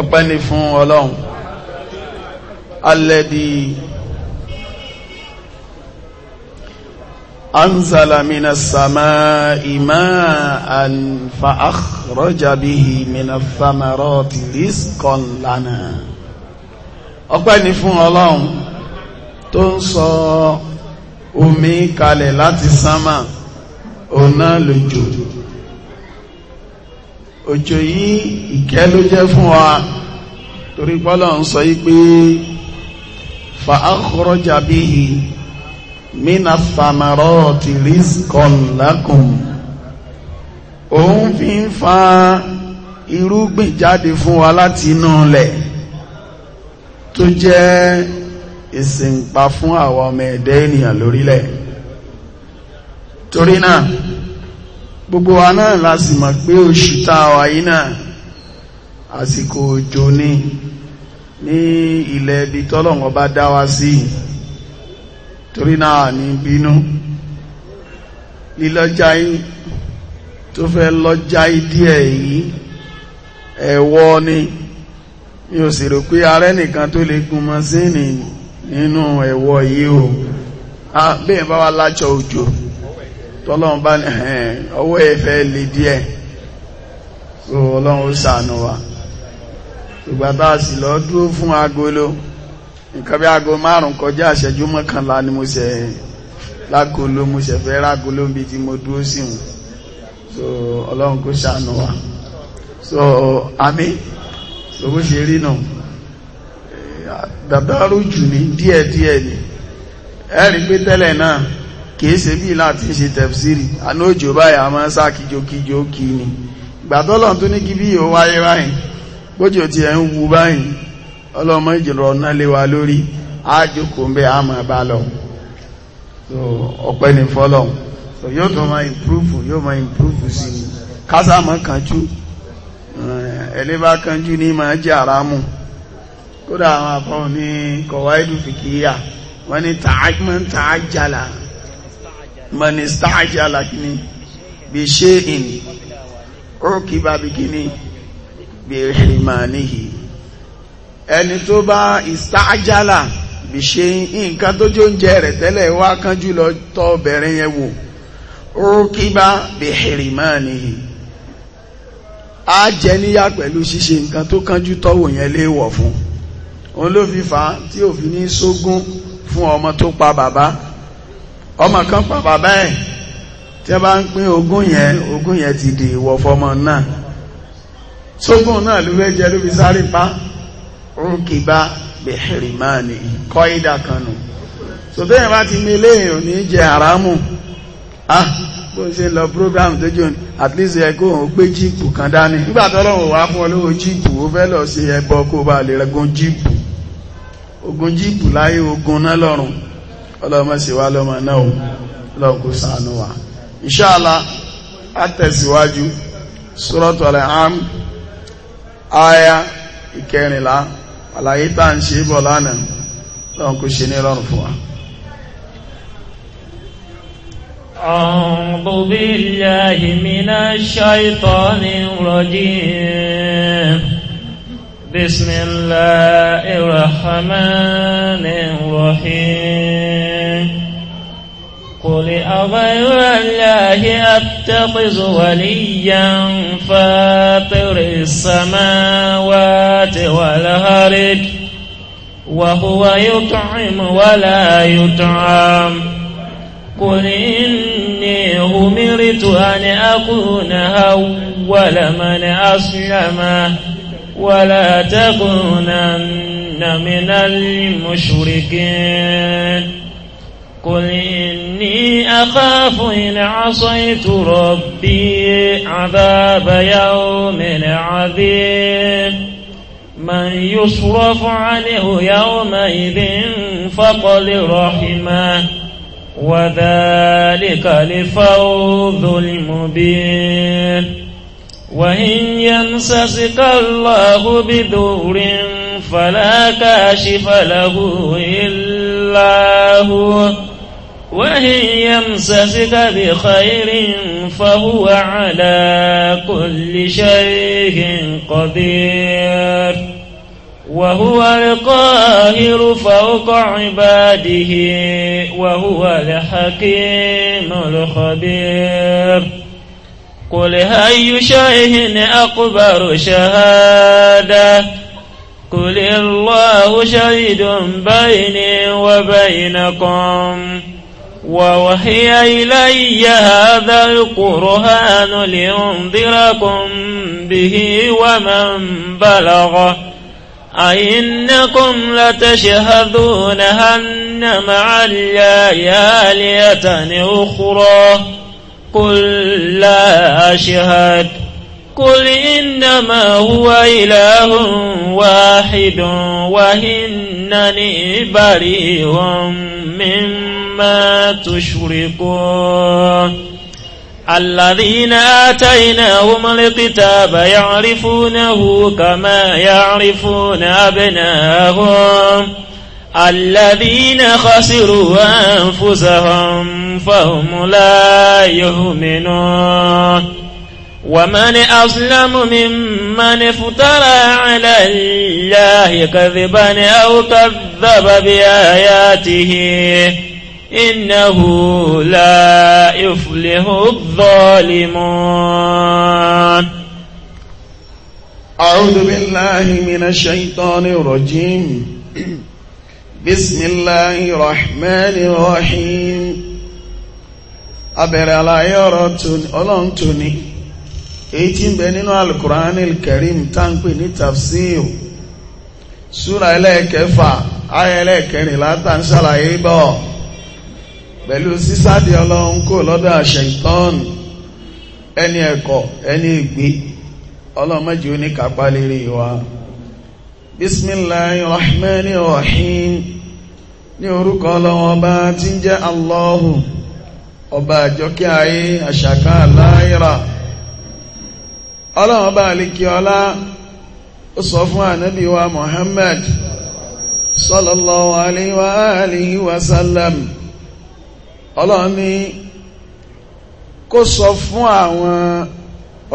ọpẹ́ ni fún ọlọ́run alẹ́dí anzalamina sama ima anfa akhrajabihi mina famaroti rizqan lana ọpẹ́ ni fún ọlọ́run tó ń sọ omi kalẹ̀ láti sánmà ọ̀nà lójò òjò yìí ìkẹ́ ló jẹ́ fún wa torí pọ́lọ̀ ń sọ yí pé fa akhraja bihi mina samarati rizqan lakum òun fi ń fa irúgbìn jáde fún wa láti inú ilẹ̀ tó jẹ́ ìsìnpa fún àwọn ọmọ ẹ̀dẹ́ ènìyàn lórílẹ̀ torí náà gbogbo wa náà la sì mọ̀ pé oṣù tá a náà àsìkò òjò ni ní ilẹ̀ ibi tọ́lọ̀wọ́n bá dá wa sí torí náà ní bínú lílọ́jà tó fẹ́ lọ́jà díẹ̀ yìí ẹ̀wọ́ ni mi ò sì rò pé arẹ́ nìkan tó lè gun mọ́sínì nínú ẹ̀wọ́ yìí o bẹ́ẹ̀ bá wa lájọ òjò. tọ́lọ́run bá ní ọwọ́ ẹ̀fẹ́ lè díẹ̀ ọlọ́run ó wa ìgbàtà lọ fún agolo nǹkan bí aago márùn kọjá ìṣẹ́jú mọ́kànlá ni mo ṣe lágolo mo ṣe fẹ́ rágolo bíi tí mo dúró sí so ọlọ́run kó wa so àmì ṣe rí ní díẹ̀díẹ̀ ni kìí ṣe bí láti ṣe tẹ̀fsìrì àná òjò báyìí a máa ń sá kíjokíjo kí ni ìgbàtọ́lọ̀ tó ní kí bí yóò wáyé báyìí gbójò tí ẹ ń wu báyìí ọlọ́mọ ìjìnlọ ọ̀nà lé wa lórí ájòkó ń bẹ́ àmà bá lọ ọ̀pẹ́ ní fọ́lọ̀ yóò tó máa ìpúrúfù yóò máa ìpúrúfù sí i kásámọ́ kanjú ẹ̀lébá kanjú ní máa jẹ́ àrámù kódà àwọn afọ́ ní kọ̀wáìdù fìkìyà wọ́n ní tààjàlá mọ̀nìsítà àti alákìní bí ṣe ìní ó kí bàbí kìíní bí ìrìnmàníhì ẹni tó bá ìstájálà bí ṣe nǹkan tó jó ń jẹ rẹ̀ tẹ́lẹ̀ wá kán jùlọ tọ́ obìnrin yẹn wò ó kí bá bí ìrìnmàníhì á jẹ níyà pẹ̀lú ṣíṣe nǹkan tó kánjú tọ́wò yẹn léèwọ̀ fún òun ló fi fà á tí òfin ní sógún fún ọmọ tó pa bàbá ọmọ kan pa bàbá ẹ̀ tí a bá ń pín ogún yẹn ogún yẹn ti di ìwọ̀ fọmọ náà sógún náà ló fẹ́ jẹ ló fi sáré pa rúkìbá bẹ̀rẹ̀ máa ní kọ́ ìdá kan nù sọtẹ́ yẹn bá ti mele èèyàn ní jẹ àrámù ah bó ṣe lọ program tó jò ní at least ẹ kó òun gbé jíìpù kan dání nígbà tó lọ́wọ́ wá fún ọ lówó jíìpù ó fẹ́ lọ ṣe ẹbọ kó bá lè rẹ́gùn jíìpù ogun jíìpù láyé ogun náà lọ́rùn ọlọ́mọ sí wá lọ́mọ náà o ọlọ́run kò ṣàánú wa inṣáàlá àtẹ̀síwájú sọ́rọ́tọ̀ rẹ̀ ám aya ìkẹrìnlá àlàyé tá à ń ṣe bọ̀ lánàá ọlọ́run ní rọrùn fún wa. أعوذ بالله من الشيطان الرجيم بسم الله الرحمن الرحيم قل أغير الله أتخذ وليا فاطر السماوات والأرض وهو يطعم ولا يطعم قل إني أمرت أن أكون أول من أسلمه ولا تكونن من المشركين قل إني أخاف إن عصيت ربي عذاب يوم عظيم من يصرف عنه يومئذ فقل رحمه وذلك لفوض المبين وإن يمسسك الله بذور فلا كاشف له إلا هو وإن يمسسك بخير فهو على كل شيء قدير وهو القاهر فوق عباده وهو الحكيم الخبير قل هاي شيء أكبر شهادة قل الله شهيد بيني وبينكم ووحي إلي هذا القرآن لينذركم به ومن بلغ أئنكم لتشهدون أن مع الليالية أخرى قل لا أشهد قل إنما هو إله واحد وإنني بريء مما تشركون الذين آتيناهم الكتاب يعرفونه كما يعرفون أبناءهم الذين خسروا أنفسهم فهم لا يؤمنون ومن أظلم ممن افترى على الله كذبا أو كذب بآياته إنه لا يفلح الظالمون أعوذ بالله من الشيطان الرجيم بسم الله الرحمن الرحيم abẹ̀rẹ̀ àlàyé ọ̀rọ̀ ọlọ́run tóní èyí tí ń bẹ nínú alukuran karim táǹpì ní tafsir súra ẹlẹ́ẹ̀kẹfà ayẹ ẹlẹ́ẹ̀kẹrin látà ń ṣàlàyé bọ̀ pẹ̀lú sísáde ọlọ́run kò lọ́dọ̀ àṣẹ̀tọ́n ẹni ẹ̀kọ́ ẹni ìgbé ọlọ́run mẹ́jì oníkàpá lérí wa bismillahi rahmani rahim ní orúkọ ọlọ́wọ́ ọba tí ń jẹ́ allahu ọba àjọkí ayé àṣàká aláìra ọlọ́wọ́ ọba àlekí ọlá ó sọ fún ànábì wa muhammad sallallahu alayhi wa alihi wa sallam ọlọ́wọ́ ní kó sọ fún àwọn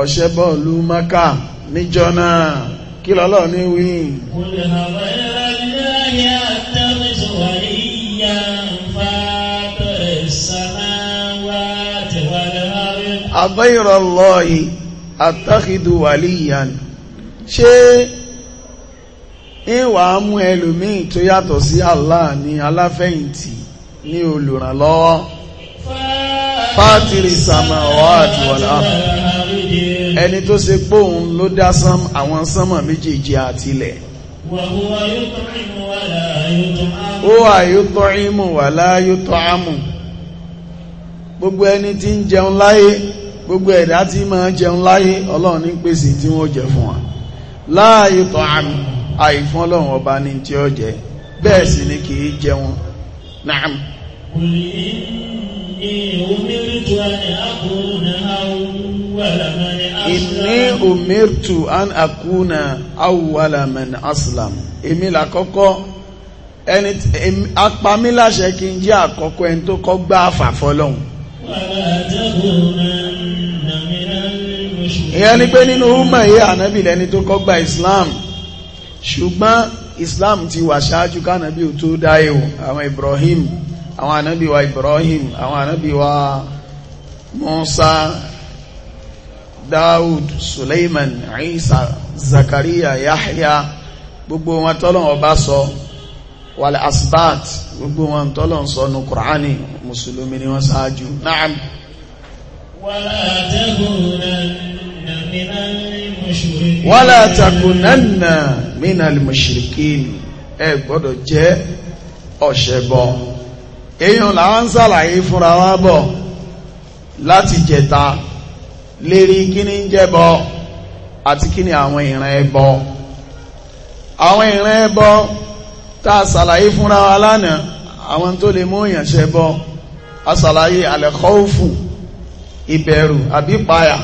ọ̀ṣẹ́bọ̀lú maka níjọ náà kí lọ́lọ́ ní wí àbẹ́ìrọ̀ lọ́yìn àtàkìdù wàlíyàn ṣé ìwà mú ẹlòmíì tó yàtọ̀ sí Allah ní aláfẹ̀yìntì ní olùrànlọ́wọ́ fátìrì sàmàwà àti wàlá ẹni tó ṣe póun ló dá àwọn sánmà méjèèjì àti àtilẹ̀ ó àyótọ́ ìmù wà láyótọ́ àmù gbogbo ẹni tí ń jẹun láyé gbogbo ẹ̀dá tí máa jẹun láyé ọlọ́run ní pèsè tí wọ́n jẹ fún wa láyótọ́ àmù àìfún ọlọ́run ọba ní tí ó jẹ bẹ́ẹ̀ sì ni kì í jẹun náà ni òmìnirí tó ẹni àkùnrin wà lámẹ́ inni umirtu an akuna awwala man aslam èmi la kọ́kọ́ ẹni apá mi láṣẹ kí n jẹ́ àkọ́kọ́ ẹni tó kọ́ gbà àfàfọ́ lọ́hùn. ìyẹn ni pé nínú umar yìí ànábì lẹni tó kọ́ gbà islam ṣùgbọ́n islam ti wà ṣáájú kánábì tó dáyé o àwọn ibrahim àwọn ànábì wa ibrahim àwọn ànábì wa musa Dáúd Suleiman Isa Zakaria Yahya gbogbo wọn tọ́lọ̀wọ̀ bá sọ wàlẹ̀ asbat gbogbo wọn tọ́lọ̀ sọ ní Kùránì Mùsùlùmí ni wọ́n sáájú náà wàlá takunanna minal mushrikin ẹ gbọ́dọ̀ jẹ́ ọ̀ṣẹ̀bọ èèyàn là ń sàlàyé fúnra wa bọ̀ láti jẹta lérí kíní ń jẹ́bọ àti kíní àwọn ìran ẹbọ àwọn ìran ẹbọ tá a ṣàlàyé fúnra wa lánàá àwọn tó lè mú èèyàn ṣẹbọ a ṣàlàyé àlẹ́kọ́ọ̀fù ìbẹ̀rù àbí páyà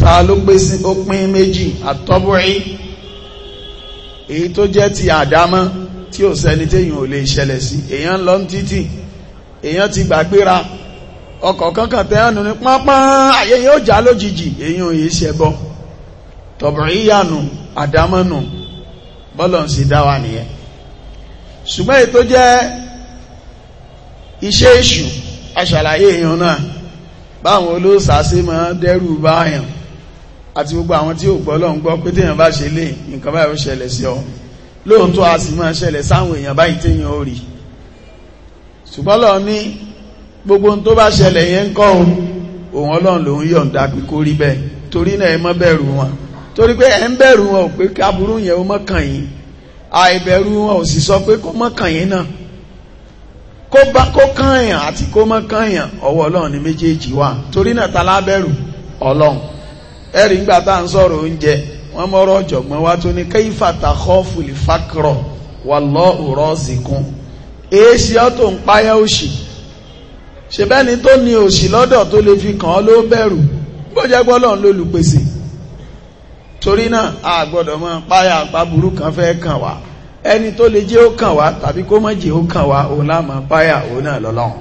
ta ló gbé sí ó méjì àtọ́bùrí èyí tó jẹ́ ti àdámọ́ tí ò sẹ́ni téèyàn ò lè ṣẹlẹ̀ sí èèyàn lọ títì èèyàn ti gbàgbéra ọkọ̀ kankan tẹ́yànù ní pánpán ayé yóò já lójijì èyí ò yìí ṣẹbọ tọ̀bùrù ìyànù àdámọ́nù bọ́lọ̀ sí dáwà nìyẹn ṣùgbọ́n èyí tó jẹ́ iṣẹ́ èṣù aṣàlàyé èèyàn náà báwọn olóòsàsí máa dẹ́rù báyàn àti gbogbo àwọn tí ò gbọ́lọ̀ ń gbọ́ pé téèyàn bá ṣe lè nǹkan báyìí ó ṣẹlẹ̀ sí ọ lóòótọ́ a sì máa ṣẹlẹ̀ sáwọn èèyàn báyìí téèyàn ó rí ṣùgbọ́n lọ ní gbogbo tó bá ṣẹlẹ̀ yẹn ń kọ́ òun òun ọlọ́run lòun yọ̀ǹda pé kó rí bẹ́ẹ̀ torí náà ẹ má bẹ̀rù wọn torí pé ẹ ń bẹ̀rù wọn ò pé káburú yẹn ó má kàn yín àìbẹ̀rù wọn ò sì sọ pé kó má kàn yín náà kó bá kó kànyàn àti kó má kànyàn ọwọ́ ọlọ́run ní méjèèjì wà torí náà ta lábẹ̀rù ọlọ́run ẹ̀rí ńgbà tá à ń sọ̀rọ̀ oúnjẹ wọ́n mọ́rọ̀ ọ̀jọ̀gbọ́n wa tó ní kayfa takhafu lifakra wallahu razikun èé ṣe ọ́ tó ń páyà òṣì ṣèbẹ́ni tó ní òṣì lọ́dọ̀ tó lè fi kàn án ló bẹ̀rù bó jẹ́ gbọ́lọ́run ló lùpèsè torí náà a gbọ́dọ̀ mọ páyà àpáburú kan fẹ́ kàn wá ẹni tó lè jẹ́ ó kàn wá tàbí kó má jẹ́ ó kàn wá òun láàmú páyà òun náà lọ́lọ́run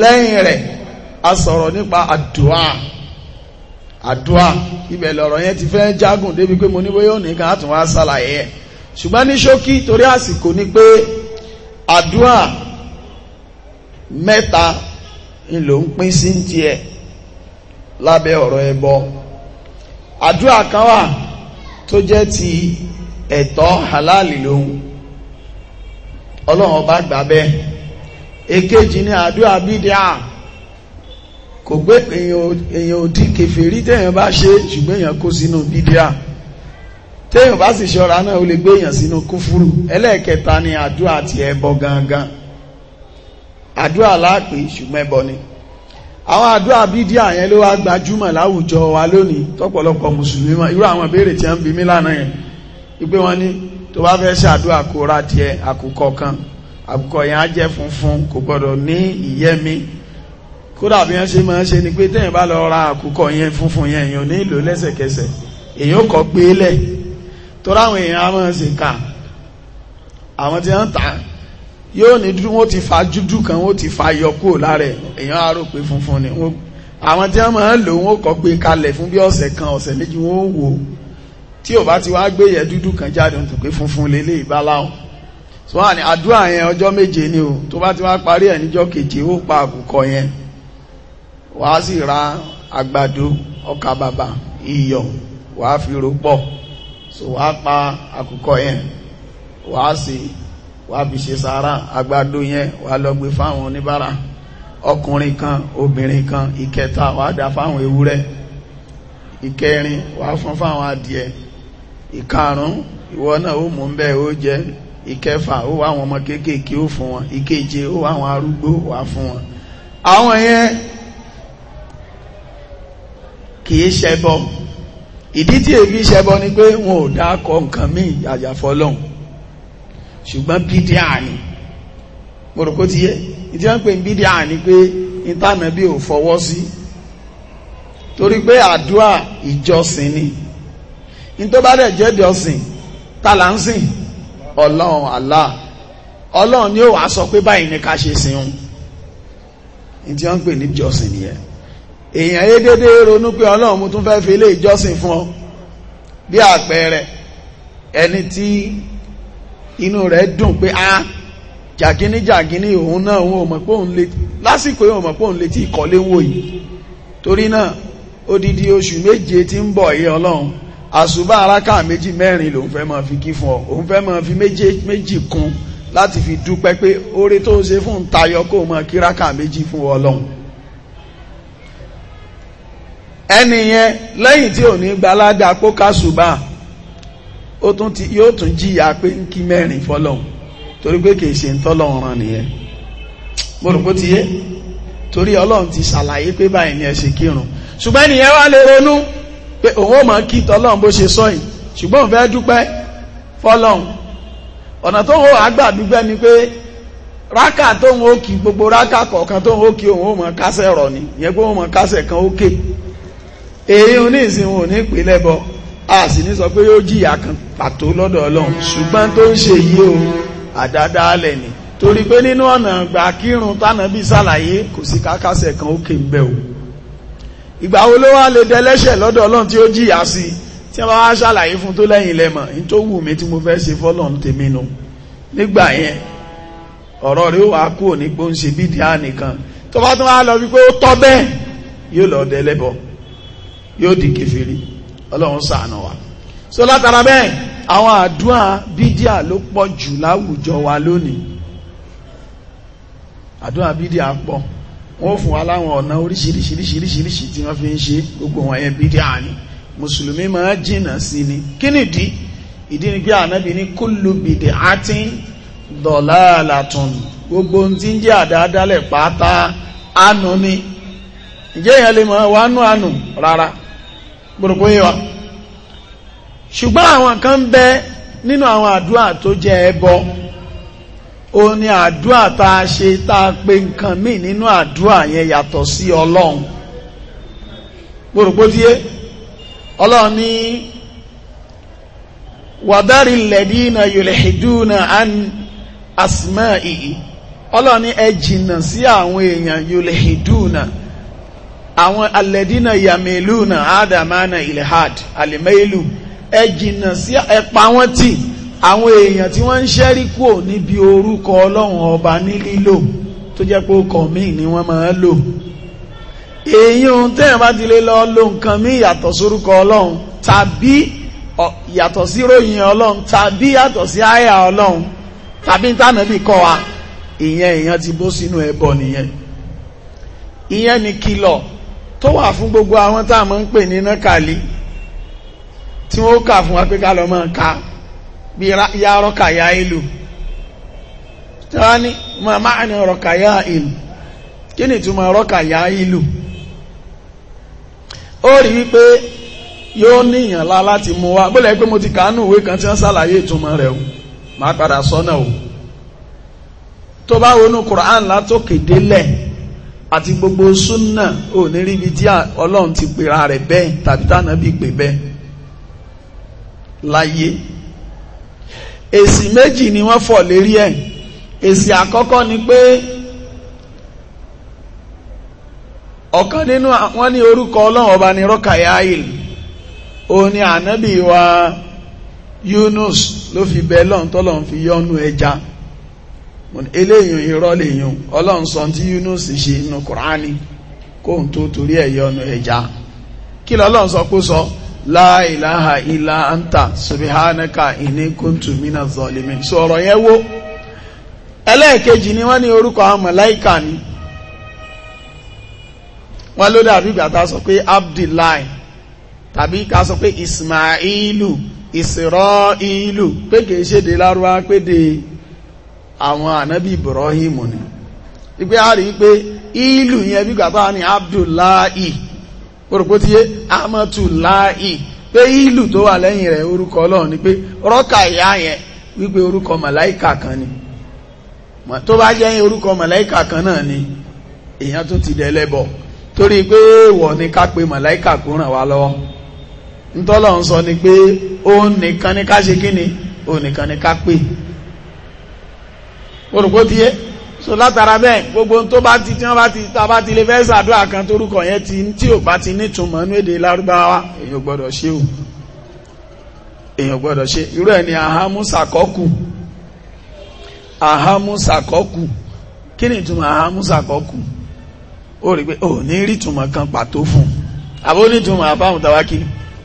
lẹ́yìn rẹ̀ a sọ̀rọ̀ nípa àdúà àdúà ibẹ̀ lọ̀rọ̀ yẹn ti fẹ́ jágùn débi pé mo ní bóyá òní kan á tún wá ṣàlàyé ẹ̀ ṣùgbọ́n ní ṣókí torí àsìkò ni pé àdúà mẹ́ta ìlò ń pín sí tiẹ̀ lábẹ́ ọ̀rọ̀ ẹbọ àdúrà kan wà tó jẹ́ ti ẹ̀tọ́ halali lóhun ọlọ́run ọba gbà bẹ́ẹ̀ èkejì ni àdúrà bídíà kò gbé èèyàn òdì kèfèrí téèyàn bá ṣe ṣùgbọ́n èèyàn kó sínú bídíà téèyàn bá sì ṣọ́ra náà ó lè gbé èèyàn sínú kúfúrú ẹlẹ́ẹ̀kẹta ni àdúrà ti ẹbọ gangan àdúrà láàpè ṣùgbọ́n ẹbọ ni àwọn àdúrà bídíà yẹn ló wá gbajúmọ̀ láwùjọ wa lónìí tọ́pọ̀lọpọ̀ mùsùlùmí mọ́ irú àwọn ìbéèrè tí wọ́n bi mí lánàá yẹn wípé wọ́n ní tó bá fẹ́ ṣàdúrà kó ra tiẹ̀ àkùkọ kan àkùkọ yẹn á jẹ́ funfun kò gbọ́dọ̀ ní ìyẹ́mi kódà bí wọ́n ṣe máa ń ṣe ni pé téèyàn bá lọ ra àkùkọ yẹn funfun yẹn èèyàn ní ìlò lẹ́sẹ̀kẹsẹ̀ èèyàn kọ́ gbé lẹ̀ tó ráwọn èèyàn á máa ṣe kà àwọn tí wọ́n ń tà á yóò ní dúdú wọn ti fa dúdú kan wọn ti fa yọ lára èèyàn á pé funfun ni wọn àwọn tí wọn máa ń lò wọn kọ gbé kalẹ̀ fún bí ọ̀sẹ̀ kan ọ̀sẹ̀ méjì wọn ò wò tí ò bá ti wá gbé yẹ dúdú kan jáde wọn tó pé funfun lélẹ̀ ìbáláwọn so wà ní àdúrà yẹn ọjọ́ méje ni o tó bá ti wá parí ẹ̀ níjọ́ keje ó pa àbùkọ yẹn wàá sì ra àgbàdo ọkà bàbà iyọ̀ wàá fi ro pọ̀ so wàá pa àkùkọ yẹn wàá sì wàá fi ṣe sàárà àgbàdo yẹn wàá lọ gbé fáwọn oníbàárà ọkùnrin kan obìnrin kan ìkẹta wàá dà fáwọn ewúrẹ́ ìkẹrin wàá fún fáwọn adìẹ ìkarùn ìwọ náà ó mú bẹ́ẹ̀ ó jẹ ìkẹfà ó wá àwọn ọmọ kéékèèké ó fún wọn ìkeje ó wá àwọn arúgbó wàá fún wọn. àwọn yẹn kìí ṣẹbọ ìdí tí èmi ṣẹbọ ni pé wọn ò dá kọ nǹkan míì àyàfọ́ ṣùgbọ́n bídíà ni mọ̀rọ̀kó ti yé ìdí wọ́n pè bídíà ni pé ìtànà bí ò fọwọ́ sí torí pé àdúà ìjọsìn ni ní tó bá dẹ̀ ọlọ́run Allah ọlọ́run ni ó wàá sọ pé báyìí ni ká ṣe sìn òun ìdí wọ́n pè ní ìjọsìn nìyẹn èèyàn yé dédé ronú pé ọlọ́run mo tún fẹ́ fi ilé ìjọsìn fún ọ bí àpẹẹrẹ ẹni tí inú rẹ̀ dùn pé a ah, jàgínní jàgínní òun náà òun ò mọ̀ pé òun lè lásìkò yóò mọ̀ pé òun lè ti ìkọ́lé wò yìí torí náà odidi oṣù méje tí ń bọ̀ yé ọlọ́run àṣùbà aráka méjì mẹ́rin lòun fẹ́ máa fi kí fún ọ òun fẹ́ máa fi méje méjì kún láti fi dúpẹ́ pé oore tó ń ṣe fún un tayọ kó máa kí ráka méjì fún ọlọ́run ẹni lẹ́yìn tí ò ní gbaládà kó kásùbà ó tún ti yóò tún jìyà pé ń kí mẹ́rin torí pé kìí ṣe ń tọ́lọ́hun nìyẹn mo rò pé ti yé torí ọlọ́run ti ṣàlàyé pé báyìí ni ẹ ṣe kírun ṣùgbọ́n wá lè ronú pé òun ò mọ̀ kí bó ṣe sọ yìí ṣùgbọ́n òun fẹ́ dúpẹ́ ọ̀nà tó àgbà dúpẹ́ ni pé rákà kí gbogbo rákà kọ̀ọ̀kan kí òun ó kásẹ̀ rọ̀ ni ìyẹn pé òun kan èyí ní a sì ní sọ pé yóò jìyà kan pàtó lọ́dọ̀ ọlọ́run ṣùgbọ́n tó ń ṣe yìí o àdádáálẹ̀ ni torí pé nínú ọ̀nà ìgbà kírun tánàbí ṣàlàyé kò sí kákásẹ̀ kan òkè ń bẹ̀ o ìgbà wo ló wá lè dẹlẹ́ṣẹ̀ lọ́dọ̀ ọlọ́run tí ó jìyà sí i tí wọ́n wá ṣàlàyé fún tó lẹ́yìn lẹ́mọ̀ ní tó wù mí tí mo fẹ́ ṣe fọ́lọ́run tèmi nu nígbà yẹn ọ̀rọ̀ rẹ̀ ó wá kú òní pé ó ń ṣe bí díà nìkan tó bá tún wá lọ wípé ó tọ́ bẹ́ẹ̀ yóò lọ dẹlẹ́bọ yóò di kèfèrí ọlọ́run ṣàánú wa so látara bẹ́ẹ̀ àwọn àdúrà bídíà ló pọ̀ jù láwùjọ wa lónìí àdúrà bídíà pọ̀ wọ́n fún wa láwọn ọ̀nà oríṣiríṣiríṣiríṣi tí wọ́n fi ń ṣe gbogbo wọn yẹn bídíà ni mùsùlùmí máa jìnnà sí ni kí nìdí ìdí ni pé ànábì ní kullu bid'atin dalalatun gbogbo ohun tí ń jẹ́ àdáadáalẹ̀ pátá ànú ni ìjẹ́ ìyẹn lè mọ̀ wá nú ànú rárá gbogbo yìí wa ṣùgbọ́n àwọn kan ń bẹ nínú àwọn tó ẹbọ ṣe a nǹkan míì nínú yẹn yàtọ̀ sí ọlọ́run ọlọ́run ní asmá ìyí ọlọ́run ní ẹ jìnnà sí àwọn èèyàn àwọn alẹ́dínà yàmìlú na adamana ilhad alimẹ́lú ẹ jìnnà sí ẹ̀pà wọn tì àwọn èèyàn tí wọ́n ń ṣẹ́rí kúò níbi orúkọ ọlọ́run ọba ní lílò tó jẹ́ pé ọkọ̀ míì ni wọ́n máa ń lò èèyàn tẹ́yàn bá ti lè lọ lo nǹkan míì yàtọ̀ sórúkọ ọlọ́run tàbí yàtọ̀ sí ròyìn ọlọ́run tàbí yàtọ̀ sí àyà ọlọ́run tàbí tànàbí kọ́ wa ìyẹn èèyàn ti bó sínú ẹbọ nìyẹn ìyẹn ni kìlọ̀ tó wà fún gbogbo àwọn tá a máa ń pè ní nákàlí tí wọ́n kà fún wa pé ká lọ máa ka bí ya rọ́kà ya ìlú tí wọ́n ní ma máa ní rọ́kà ya ìlú kí ni túmọ̀ rọ́kà ya ìlú ó rí wípé yóò ní ìyànlá láti mú wa bó pé mo ti kàánù ìwé kan tí wọ́n ṣàlàyé ìtumọ̀ rẹ̀ o máa padà sọ́nà o tó bá wọnú Qur'an látòkè délẹ̀ àti gbogbo súnà ò ní rí ibi tí ọlọ́run ti pera rẹ̀ bẹ́ẹ̀ tàbí tànà bí pè bẹ́ẹ̀ láyé èsì méjì ni wọ́n fọ̀ lérí ẹ̀ èsì àkọ́kọ́ ni pé ọ̀kan nínú wọ́n ní orúkọ ọlọ́run ọba ní rọ́kàyáìl òun ni ànábì wa Yunus ló fi bẹ́ẹ̀ lọ́n tọ́lọ́n fi yọ́nú ẹja. E eléyìn irọ́ lèyìn ọlọ́run sọ tí Yunus ṣe inú kùránì kóhun tó torí ẹ̀yọnu ẹja kí lọ́lọ́run sọ pé sọ la ilaha anta subhanaka inni kuntu mina zalimin so yẹn wó ẹlẹ́ẹ̀kejì ni wọ́n ní orúkọ àwọn màláíkà ni wọ́n ló sọ pé abdullahi tàbí ká sọ ismailu pé kìí lárúbá àwọn ànábì Ibrahim ni wípé a rí pé ìlú yẹn bí gbàtà ní Abdullahi orúkọ tí yé Amatulahi pé ìlú tó wà lẹ́yìn rẹ̀ orúkọ Ọlọ́run ni pé rọ́kà ìyá yẹn wípé orúkọ màláìkà kan ni tó bá jẹ́ orúkọ màláìkà kan náà ni èèyàn tó ti bọ̀ torí pé wọ̀ ni ká pe màláìkà kó ràn wá lọ́wọ́ ntọ́lọ̀ ń sọ ni pé ó nìkan ni ká ṣe kí ni nìkan ni ká pè orùkó ti yé so látara bẹ́ẹ̀ gbogbo tó bá ti tí wọ́n bá ti tá bá ti lè fẹ́ sàdúrà kan torúkọ yẹn ti tí ò bá ti nítumọ̀ nínú èdè lárúbáwá èèyàn gbọ́dọ̀ ṣe o èèyàn gbọ́dọ̀ ṣe irú ẹ̀ ni ahamusakọ́kù ahamusakọ́kù kí ni ìtumọ̀ ahamusakọ́kù ó rí pé ò ní rí ìtumọ̀ kan pàtó fún un àbó ní ìtumọ̀ àbáhùn tàwákì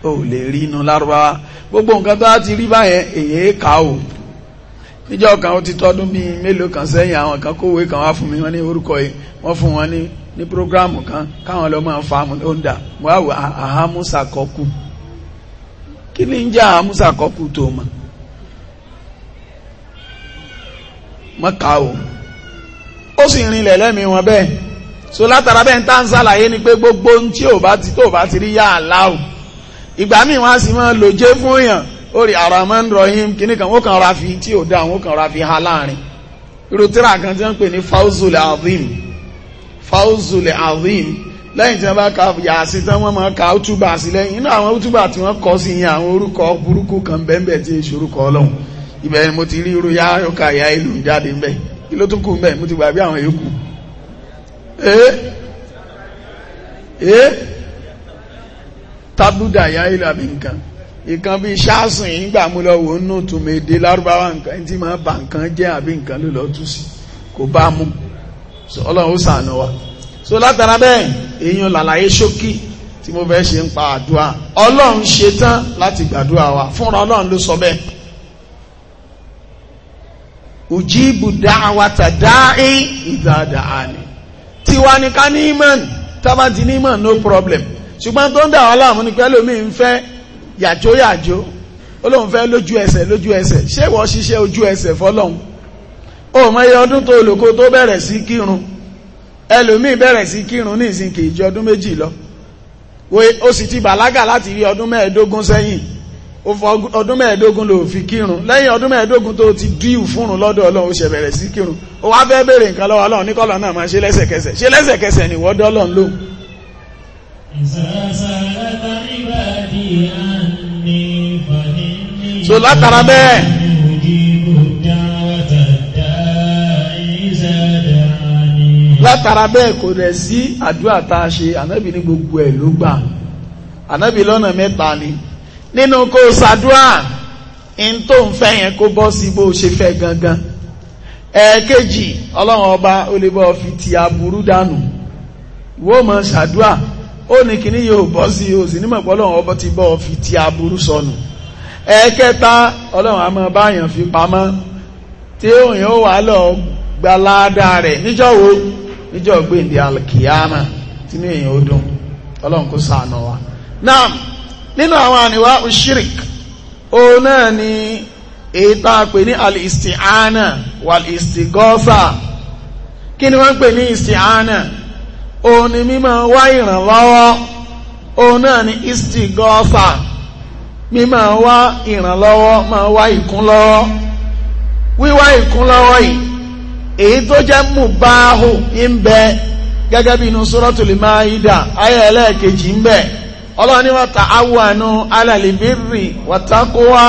ò lè rí inú lárúbáwá gbogbo nǹkan tó bá ti rí báyẹn èèyàn kà ó níjọ́ kan ó ti tọ́dún bíi mélòó kan sẹ́yìn àwọn kan kówé kan wá fún mi wọ́n ní orúkọ yìí wọ́n fún wọn ní ní programu kan káwọn lọ máa fa ọ̀dà mo á wò ah, ahamusa kọ́kù kí ni ń jẹ́ ahamusa kọ́kù tó mọ̀ mọ́ka o ó sì rinlẹ̀ lẹ́mìí wọn bẹ́ẹ̀ so látara bẹ́ẹ̀ ń tá ń sàlàyé ni pé gbogbo ohun tí ò bá ti tó bá ti rí yá àláwò ìgbà míì wọn á sì máa lòjé fún yàn ó rí araman rahim kíní kan ó kàn ra fi tí ò ha láàrin irú tíra kan tí wọ́n pè ní fawzul azim fawzul azim lẹ́yìn tí wọ́n bá ka yàásí tán wọ́n máa ka útúbà sí lẹ́yìn inú àwọn útúbà tí wọ́n kọ́ sí yẹn àwọn orúkọ burúkú kan bẹ́ẹ̀ tí mo ti rí irú yá ìyá ìlú jáde ń bẹ̀ mo ti àwọn ee ee ìyá ìlú àbí nǹkan ìkan bíi ṣáàsùn yìí gbà mú lọ wò ó nù tún mèdè lárúbáwá nǹkan tí máa bà nǹkan jẹ́ àbí nǹkan ló lọ tú sí kò bá mú ọlọ́run ó ṣàánú wa so látara bẹ́ẹ̀ èèyàn làlàyé ṣókí tí mo fẹ́ ṣe ń pa àdúrà ọlọ́run ṣe tán láti gbàdúrà wa fúnra ọlọ́run ló sọ bẹ́ẹ̀ ujibu da'wata da'i idha da'ani tiwa ni ká ní imán tábà ní imán no problem ṣùgbọ́n tó ń dà wá láàmú ni pẹ́lú mi ń fẹ́ yàjó yàjó olóhùn fẹ́ lójú ẹsẹ̀ lójú ẹsẹ̀ ṣé wọ́n ṣiṣẹ́ ojú ẹsẹ̀ fọlọ́hún ó mọ iye ọdún tó olùkó tó bẹ̀rẹ̀ sí kírun ẹlòmíì bẹ̀rẹ̀ sí kírun ní ìsìn kìí ju ọdún méjì lọ ó sì ti bàlágà láti rí ọdún mẹ́ẹ̀ẹ́dógún sẹ́yìn ó fọ ọdún mẹ́ẹ̀ẹ́dógún ló fi kírun lẹ́yìn ọdún mẹ́ẹ̀ẹ́dógún tó ti díù fúnrun lọ́dọ̀ ọlọ́run ó ṣe bẹ̀rẹ̀ sí kírun ó wá fẹ́ béèrè nǹkan lọ́wọ́ ọlọ́run níkọ́lọ́ náà máa ṣe lẹ́sẹ̀kẹsẹ̀ ṣe lẹ́sẹ̀kẹsẹ̀ ni wọ́n dọ́lọ́run lóhùn. ìsọ̀rọ̀ sọ̀rọ̀ bá ibà dì í hàn so látara bẹ́ẹ̀. látara bẹ́ẹ̀ kò rẹ̀ sí àdúrà tá a ṣe ànábì ní gbogbo ẹ̀ ló gbà ànábì lọ́nà mẹ́ta ni nínú kó o ṣàdúrà in tó ń fẹ́ yẹn kó bọ́ sí bó o ṣe fẹ́ gangan ẹ̀ẹ̀kejì ọlọ́run ọba ó lè bọ́ fi ti aburú dànù ìwọ máa ṣàdúrà ó ní kíní yóò bọ́ sí o sì nímọ̀ pé ọlọ́run ọba ti bọ́ fi ti aburú sọnù ẹ̀ẹ́kẹta ọlọ́run àmọ́ báyàn fi pamọ́ tí òyìn ó wà lọ re rẹ̀ níjọ́ wo níjọ́ gbèǹdé alkiyama tí ní èyàn ó dùn ọlọ́run kó ṣàánú wa náà nínú àwọn àníwá ushirik òun náà ni èyí tá a pè ní ni wọ́n pè ní òun ni mímọ̀ wá ìrànlọ́wọ́ òun náà ni mi máa wá ìrànlọ́wọ́ máa wá ìkúnlọ́wọ́ wíwá ìkúnlọ́wọ́ yìí èyí tó jẹ́ mùbáhù ń bẹ gẹ́gẹ́ bí inú Suratul Maida ayé ẹlẹ́ẹ̀kejì ń bẹ ọlọ́ni wa ta'awanu alal ala wa taqwa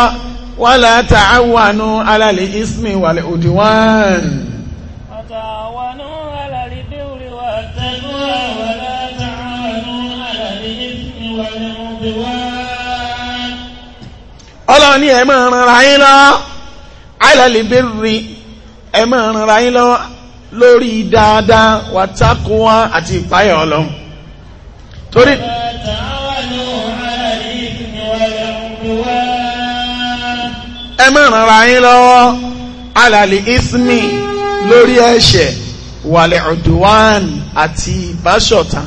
wala ta'awanu alal ismi wal udwan. ọlọ́run ní ẹ máa ran ara yín lọ àìlàlẹ́ bẹ́rẹ̀ ẹ máa ran ara yín lọ lórí dáadáa wàtákùwá àti ìpáyà ọlọ́run torí. ẹ máa ran ara yín lọ́wọ́ àìlàlẹ́ ismi lórí ẹ̀ṣẹ̀ wàlẹ̀ ọ̀dùnwán àti ìbáṣọ̀tà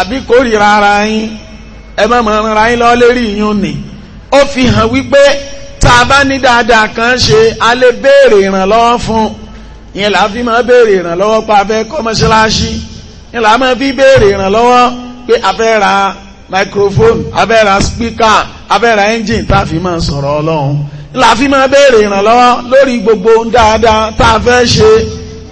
àbí kórìíra ara yín ẹ máa yín lọ lórí ìyún nìí ó fi hàn wípé tá a bá ní dáadáa kan ṣe a lè béèrè ìrànlọ́wọ́ fún ìyẹn là á fi máa béèrè ìrànlọ́wọ́ pa abẹ́ kọ́ mọ́ṣáláṣí ìyẹn là á máa fi béèrè ìrànlọ́wọ́ pé abẹ́ ra microphone abẹ́ ra speaker abẹ́ ra engine tá a fi máa sọ̀rọ̀ ọlọ́run là á fi máa béèrè ìrànlọ́wọ́ lórí gbogbo dáadáa tá a fẹ́ ṣe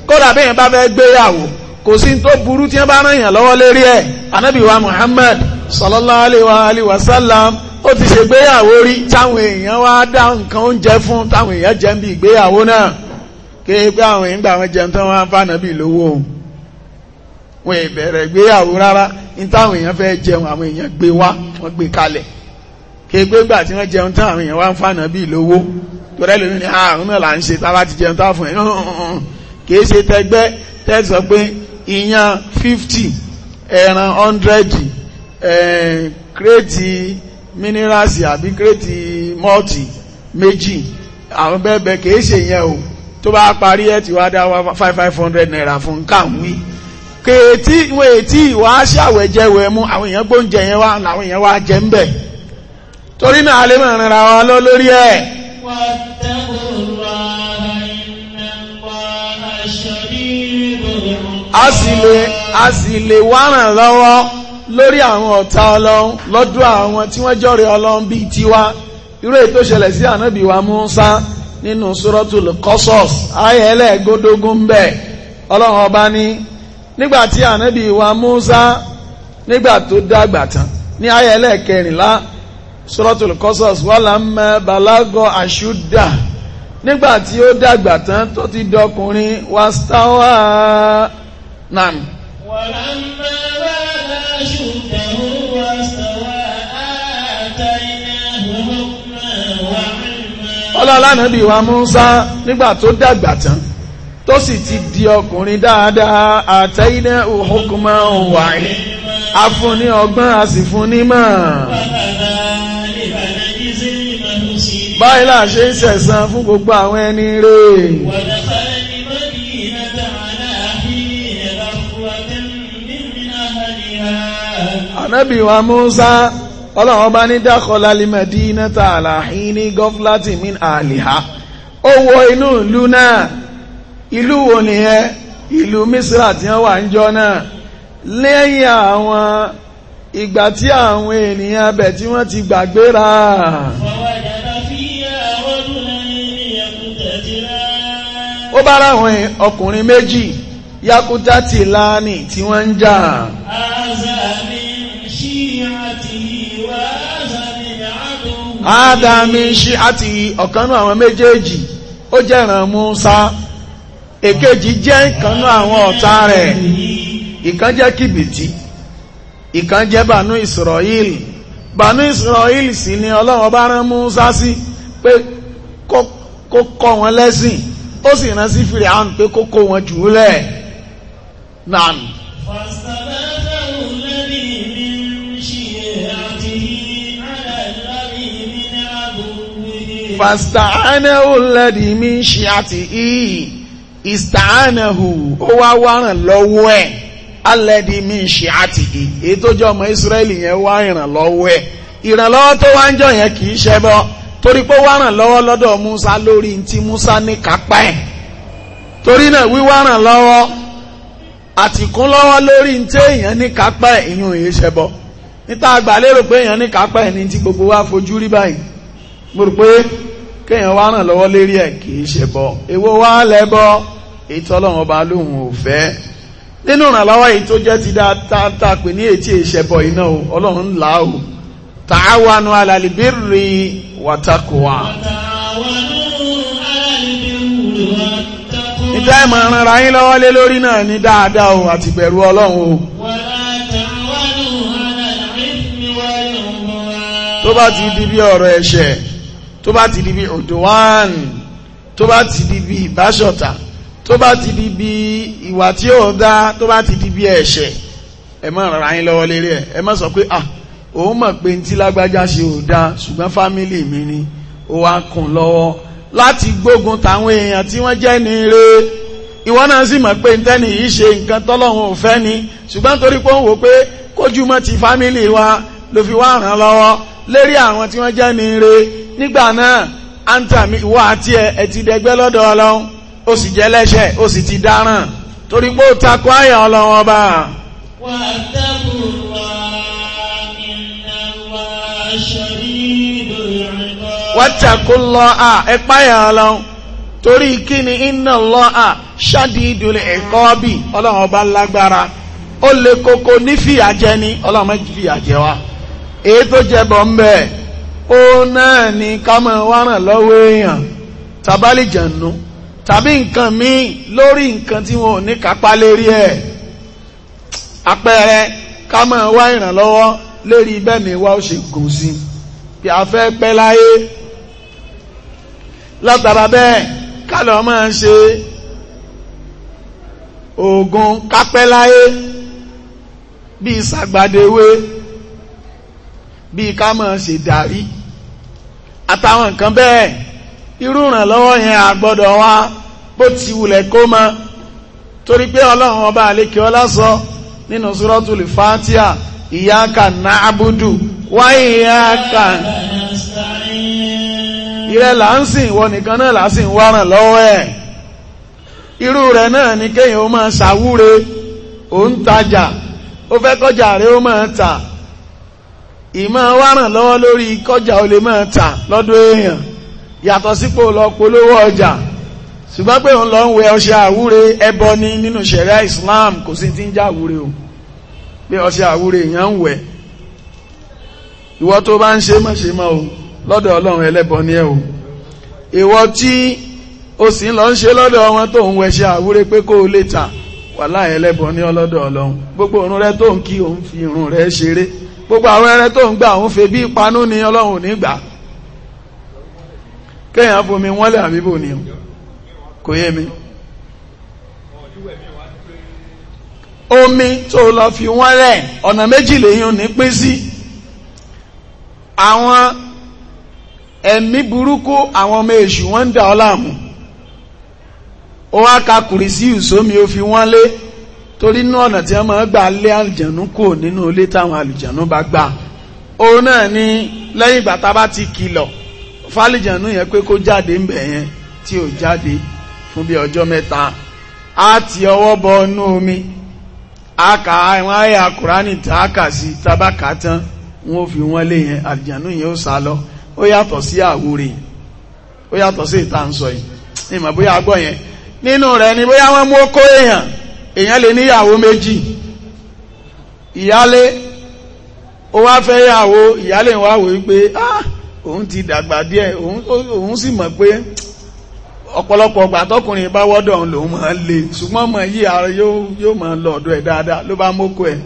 kódà bẹ́ẹ̀ bá fẹ́ gbéyàwó kò sí tó burú tí wọ́n bá ràn yàn lọ́wọ́ lérí ẹ̀ anábìwá Muhammad sallallahu alayhi wa sallam ó ti ṣègbéyàwó rí táwọn èèyàn wá dá nǹkan oúnjẹ fún táwọn èèyàn jẹ́ ń bí ìgbéyàwó náà kéé pé àwọn èèyàn gbà wọ́n jẹun tán wọ́n á fànà bí lówó wọn ìbẹ̀rẹ̀ ìgbéyàwó rárá ní táwọn èèyàn fẹ́ jẹun àwọn èèyàn gbé wá wọ́n gbé kalẹ̀ kéé pé gbà tí wọ́n jẹun tán àwọn èèyàn wá ń fànà bí lówó torí ẹlòmí ni àrùn ah, náà là ń ṣe tábà ti jẹun táwọn fún ẹ kéé ṣe tẹgbẹ́ tẹ́ sọ pé ìyàn fifty ẹran hundred eh, kírètì. Minerals àbí kírètì mọ́ọ̀tì méjì àwọn bẹ́ẹ̀bẹ́ kìí ṣe yẹn o tó bá parí ẹ̀ tí wá dá wá five five hundred naira fún káwí kèétí ìwé ètí ìwà aṣáwẹ̀ jẹ́wẹ̀ mú àwọn èèyàn gbóúnjẹ yẹn wá làwọn èèyàn wá jẹ ń bẹ̀ torí náà a mọ̀ rìnra wa lọ lórí ẹ̀. a sì lè a sì lè wá lọ́wọ́ lórí àwọn ọ̀tá ọlọ́run lọ́dọ̀ àwọn tí wọ́n jọ́rẹ̀ ọlọ́run bíi tiwa irú èyí tó ṣẹlẹ̀ sí ànábì wa Musa nínú Suratul Qasas ayé ẹlẹ́ẹ̀gódógún bẹ́ẹ̀ ọlọ́run ọba ní nígbà tí ànábì wa Musa nígbà tó dàgbà tán ní ayé ẹlẹ́ẹ̀kẹrìnlá Suratul Qasas walamma balagha ashudda nígbà tí ó dàgbà tán tó ti dọkùnrin wastawa nam. walamma. أشده واستوى آتيناه wa Musa nígbà tó dàgbà tán tó sì ti di ọkùnrin dáadáa àtẹ́yìnà òhùnkùnmá wàáyé a fún ní ọgbọ́n a sì fún ní mọ̀. báyìí là ṣe ń sẹ̀san fún gbogbo àwọn ẹni rèé. ànábì wa Musa ọlọ́run ọba ní dákọ̀lá limadina tààlà hìn ní gọ́fúlátì min aliha ó wọ inú ìlú náà ìlú wo nìyẹn ìlú Misra tí wọ́n wà ń jọ náà lẹ́yìn àwọn ìgbà tí àwọn ènìyàn abẹ̀ tí wọ́n ti gbàgbéra. ó bá ráwọn ọkùnrin méjì yakuta tìlánì tí wọ́n ń jà. àzẹ. adamishi àti ọ̀kanú àwọn méjèèjì ó jẹ́ ìran Musa èkejì jẹ́ ìkanú àwọn ọ̀tá rẹ̀ ìkan jẹ́ kìbìtì ìkan jẹ́ bànú Israel bànú Israel sì ni Ọlọ́run bá rán Musa sí pé kó kọ́ wọn lẹ́sìn ó sì rán sí fìrì àwọn pé kó kó wọn jù ú lẹ̀ náà. fàstàánẹ́hù lẹ́dí mi ń ṣe àti ìyí ìstàánẹ́hù ó wá wárán lọ́wọ́ ẹ̀ alẹ́dí mi ń ṣe àti ìyí èyí tó jẹ́ ọmọ ìsírẹ́lì yẹn wá ìrànlọ́wọ́ ẹ̀ ìrànlọ́wọ́ tó wá ń jọ yẹn kì í ṣẹbọ torí pé wárán lọ́wọ́ lọ́dọ̀ Musa lórí ti Musa ní kápá ẹ̀ torí náà wíwárán lọ́wọ́ àtìkún lọ́wọ́ lórí tí èèyàn ní kápá ẹ̀ ìyún èyí ṣẹbọ níta àgbà lérò pé èèyàn ní kápá ẹ̀ ní ti gbogbo wa fojú rí báyìí mo rò pé kéèyàn wá ràn lọ́wọ́ lérí ẹ̀ kìí ṣe bọ́ èwo wá lẹ́bọ́ èyí tọ́lọ́run ọba lóhun ò fẹ́ nínú ìrànlọ́wọ́ èyí tó jẹ́ ti dáadáa pè ní ètí ìṣẹ̀bọ̀ iná o ọlọ́run ńlá o alàlìbírì wàtàkùwà. ìjà ìmọ̀ràn ra lọ́wọ́ lé lórí náà ní dáadáa o àti bẹ̀rù ọlọ́run tó bá ti di bí ọ̀rọ̀ ẹ̀ṣẹ̀ tó bá ti di bí ọ̀dọ̀wán tó bá ti di bí ìbáṣọ̀tà tó bá ti di bí ìwà tí ó dá tó bá ti di bí ẹ̀ṣẹ̀ ẹ má rárá yín lọ́wọ́ lérí ẹ̀ ẹ má sọ pé ah òun mọ̀ pé tí lágbájá ṣe ò dá ṣùgbọ́n fámílì mi ni ó wá kùn lọ́wọ́ láti gbógun táwọn èèyàn tí wọ́n jẹ́ ní ire ìwọ náà sì mọ̀ pé ntẹ́ni yìí ṣe nǹkan tọ́lọ́run ò fẹ́ ni ṣùgbọ́n torí pé ó wò pé kójúmọ́ ti fámílì wa ló fi wá ràn lọ́wọ́ lérí àwọn tí wọ́n jẹ́ ní re nígbà náà antami ìwọ àti ẹ ẹ ti dẹgbẹ́ lọ́dọ̀ ọlọ́run ó sì jẹ́ lẹ́ṣẹ̀ ó sì ti dáràn torí pé ó takọ àyà ọlọ́run ọba. wà á dábò wá iná wá ṣọrí lórí àgbọ̀. wà á takò lọ à ẹ páyà ọlọ́run torí kí ni iná lọ à ṣadidul iqabi ọlọ́run ọba lágbára ó le koko ní fìyàjẹni ọlọ́run má fìyàjẹ wa èyí tó jẹbọ ń bẹ ó náà ni ká máa wá ràn lọ́wọ́ èèyàn tàbálì jànú tàbí nǹkan míì lórí nǹkan tí wọn ò ní kápá lérí ẹ̀ àpẹẹrẹ ká máa wá ìrànlọ́wọ́ lérí bẹ́ẹ̀ mi wá ó ṣe gùn sí kí a fẹ́ pẹ́ láyé látara bẹ́ẹ̀ ká máa ṣe oògùn kápẹ́ láyé bíi sàgbàdéwé bíi ká máa ṣe dàrí. àtàwọn nǹkan bẹ́ẹ̀ irú ìrànlọ́wọ́ yẹn àgbọ́dọ̀ wa bó ti wulẹ̀ kó mọ torí pé ọlọ́run ọba àlékè ọlá sọ nínú suratul Fatiha iyyaka na'budu wa iyyaka ìrẹ́ là ń sìn wọ nìkan náà là ń sìn wárán lọ́wọ́ ẹ̀ irú rẹ̀ náà ni kéèyàn ó máa ṣàwúre ó ń tajà ó fẹ́ kọjá rẹ̀ ó máa tà ìmọ̀ wá ràn lọ́wọ́ lórí kọjá o lè máa tà lọ́dọ̀ èèyàn yàtọ̀ sípò lọ polówó ọjà ṣùgbọ́n pé òun lọ ń wẹ ọṣẹ àwúre ẹbọ ní nínú ṣẹ̀ríà Islam kò sí ti ń já àwúre o pé ọṣẹ àwúre èèyàn ń wẹ̀ ìwọ tó bá ń ṣe má ṣe mọ́ o lọ́dọ̀ Ọlọ́run ẹlẹ́bọ ni ẹ o ìwọ tí o sì ń lọ ń ṣe lọ́dọ̀ wọn tó ń wẹṣẹ àwúre pé kó o lè tà wàláhì ẹlẹ́bọ ni ọlọ́dọ̀ Ọlọ́run gbogbo òrun rẹ tó ń kí òun fi irun rẹ ṣeré gbogbo àwọn ẹran tó ń gbà òun fẹ́ bí ni ọlọ́run ò ní gbà kéèyàn fomi wọ́n lẹ̀ àbí kò yé mi. omi tó lọ fi wọ́n lẹ̀ ọ̀nà méjìléyìn ò ní pín sí àwọn ẹ̀mí burúkú àwọn ọmọ èṣù wọ́n ń dà ọ́ láàmú ó wá ka kùrìsí ìsómi ó fi wọ́n lé torí inú ọ̀nà tí wọ́n máa gbà lé àlùjànnú kò nínú ilé táwọn àlùjànnú bá gbà òun náà ni lẹ́yìn ìgbà tá a bá ti kìlọ̀ fálìjànú yẹn pé kó jáde ń bẹ̀ yẹn tí ò jáde fún bí ọjọ́ mẹ́ta á ti ọwọ́ bọ inú omi á kà àwọn àyà kùránì tá a kà sí tábàkà tán wọn ò fi wọn lé yẹn àlìjànú yẹn ó sá lọ ó yàtọ̀ sí àwúre ó yàtọ̀ sí ìta yìí ìmọ̀ bóyá gbọ́ yẹn nínú rẹ̀ ni bóyá wọ́n mú kó èèyàn èèyàn lè níyàwó méjì ìyálé ó wá fẹ́ yàwó ìyálé wá wò wípé ah òun ti dàgbà díẹ̀ òun sì mọ̀ pé ọ̀pọ̀lọpọ̀ ọgbà tọkùnrin bá wọ́dọ̀ òun lòun máa le ṣùgbọ́n mọ̀ yí ara yóò máa lọ ọ̀dọ̀ ẹ̀ dáadáa ló bá mókó ẹ̀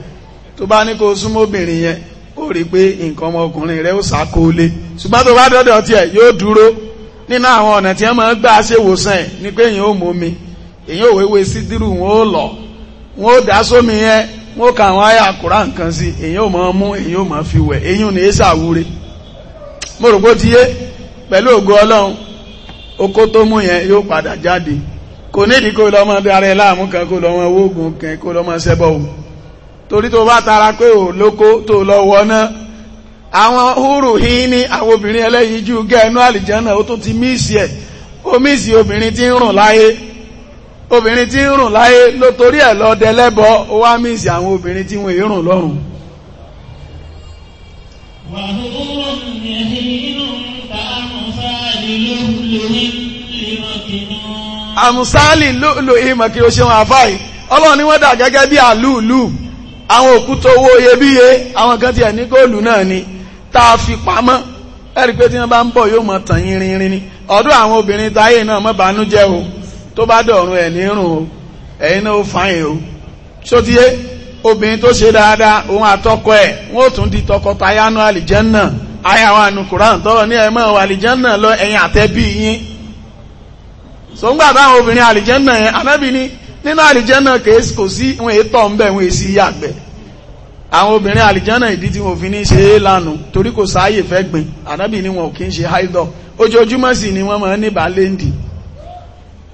tó bá ní kó súnmọ́bìnrin yẹn ó rí pé nǹkan ọmọkùnrin rẹ̀ ó ṣàkóólé ṣùgbọ́n tó bá dọ́dọ̀ tiẹ̀ yóò dúró nínú àwọn ọ̀nà tí wọ́n máa ń gbà ṣèwòsàn ẹ̀ ni pé èèyàn ó mú mi èyàn òwéwé sídírù wọn ó lọ wọn ó dá sómi yẹn wọn ó ka àwọn àyà àkùrá nǹkan sí èyàn ò máa mú èyàn ò máa fi wẹ̀ èyàn ò ní sàwúre mo rò pé ó ti yé pẹ̀lú ògo ọlọ́run oko tó mú yẹn yóò padà jáde kò nídìí kó lọ́mọ darẹ̀ láàmú kan kó lọ́mọ wóògùn kan kó lọ́mọ sẹ́bọ̀ o torí tó bá tara pé ò lóko tó lọ wọná àwọn húrù hín ní àwọn obìnrin ẹlẹ́yinjú gẹ́ẹ́nú àlìjánà ó tún ti míìsì ẹ̀ ó míìsì obìnrin tí ń rùn láyé obìnrin tí ń rùn láyé ló torí ẹ̀ lọ dẹlẹ́bọ wá mísì àwọn obìnrin tí wọ́n ìrùn lọ́rùn àmùsáàlì lóòlò lo kí ṣeun àfáì ọlọ́run ni wọ́n dà gẹ́gẹ́ bí àlúùlù àwọn òkúta owó iyebíye àwọn kan ti ẹ̀ ní góòlù náà ni tá a fi pamọ́ ẹ̀rí pé tí wọ́n bá ń bọ̀ yóò mọ̀ tàn yín rinrin ni ọ̀dọ̀ àwọn obìnrin táyé náà mọ́ bànújẹ́ o tó bá dọ̀run ẹ̀ nírùn o ẹ̀yin náà ó fáyìn o sotiye obìnrin tó ṣe dáadáa òun àtọkọ ẹ̀ wọ́n ó tún di tọkọtaya nù àlìjẹ́nà àyà àwọn ànùkùrán tọrọ ní ẹ̀mọ́ wà àlìjẹ́nà lọ ẹ̀yin àtẹ́bí yín sọ́ngbà táwọn obìnrin àlìjẹ́nà yẹn anábì ní nínú àlìjẹ́nà kèésì kò sí wọn èyí tọ̀ ń bẹ̀ wọn èyí yàgbẹ́ àwọn obìnrin àlìjánà ìdí tí wọ́n fi ní ṣe é lánàá torí kò sáàyè fẹ́ gbìn ànábì ni wọn ò kí ṣe haidọ̀ ojoojúmọ́ sì ni wọ́n máa ní bàálẹ́ǹdì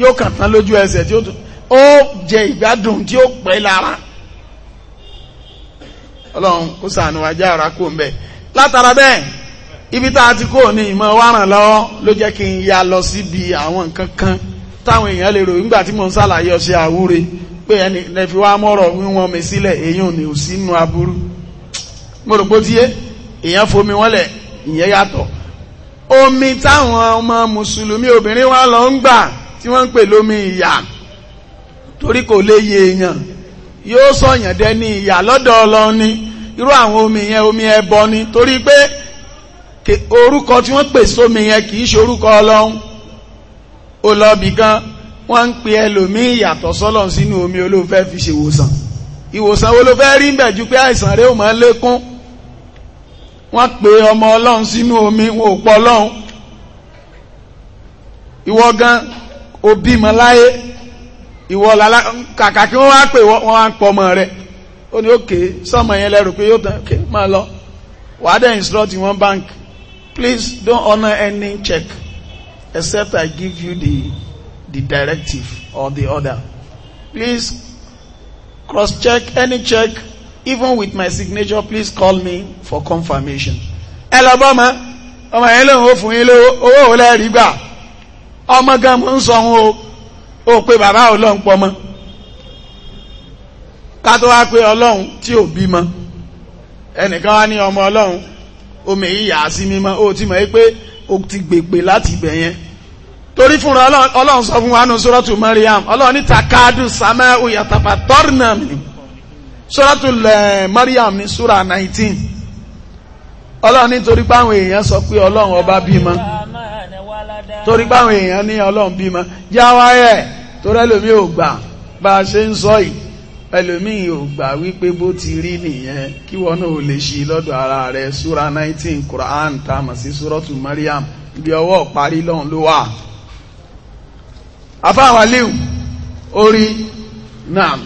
yóò kàn tán lójú ẹsẹ̀ tí ó tún ó jẹ ìgbádùn tí ó pẹ́ lára ọlọ́run kó sànù ajá ara kó ń bẹ̀ látara bẹ́ẹ̀ ibi tá a ti kó ní ìmọ̀ wárán lọ́wọ́ ló jẹ́ kí n ya lọ síbi àwọn nǹkan kan táwọn èèyàn lè rò nígbà tí mò ń ṣàlàyé ọṣẹ àwúre pé ẹni lẹ́fi wá mọ́rọ̀ wíwọ́n mi sílẹ̀ èyí ò ní ò sínú aburú mo rò pé ó ti yé èèyàn fomi wọ́n lẹ̀ ìyẹn yàtọ̀ omi táwọn ọmọ mùsùlùmí obìnrin wa lọ ń gbà tí wọ́n ń pè lómi ìyà torí kò lè yé èèyàn yóò sọ̀yàn dẹ ní ìyà lọ́dọ̀ ọlọ́run ni irú àwọn omi yẹn omi ẹbọ ni torí pé orúkọ tí wọ́n pè sómi yẹn kì í ṣe orúkọ ọlọ́run ó lọ bì kan wọ́n ń pe ẹlòmíì yàtọ̀ sọ́lọ̀ sínú omi olóòfẹ́ fi ṣe ìwòsàn ìwòsàn wo ló fẹ́ rí bẹ̀ ju pé àìsàn rẹ̀ ò mọ́ lékún wọ́n pe ọmọ ọlọ́run sínú omi wọn ò pọ̀ ọlọ́run ìwọ gan Obi bímọ láyé ìwọ làlá kàkà kí wọ́n wá pè wọ́n wá ń pọ ọmọ rẹ̀ ó ní òkè sọmọ yẹn lẹ́rù pé yóò tán òkè máa lọ wàá dẹ̀ instruct wọn bank please don't honour any check except I give you the the directive or the order please cross check any check even with my signature please call me for confirmation ẹ lọ bọ́ ọmọ ọmọ yẹn lòun ó fún yín lówó owó ò lẹ́rìí gbà. ọmọ gan mọ̀ ń sọ o pe bàbá ọlọ́run pọ̀ mọ́ ká tó wá pé ọlọ́run tí ò ma ẹnìkan wá ní ọmọ ọlọ́run omi ìyà sí mímọ́ o ti mọ̀ é pé o ti gbègbè láti ibẹ̀ yẹn torí fúnra ọlọ́run sọ fún wa nù sọ́rọ́tù ọlọ́run ní takadu samẹ́ 19 ọlọ́run nítorí pé àwọn sọ pé ọlọ́run ọba bímọ. torí báwọn èèyàn ní ọlọ́run bímọ jáwáyẹ̀ torí ẹlòmí ò gbà bá a ṣe ń sọ yìí ẹlòmí ò gbà wípé bó ti rí nìyẹn kí wọn náà ò lè ṣe lọ́dọ̀ ara rẹ̀ súra 19 Quran tamọ̀ sí súrọ́tù Mariam ibi ọwọ́ parí lọ́hùn ló wà. afáwàlíù orí náà.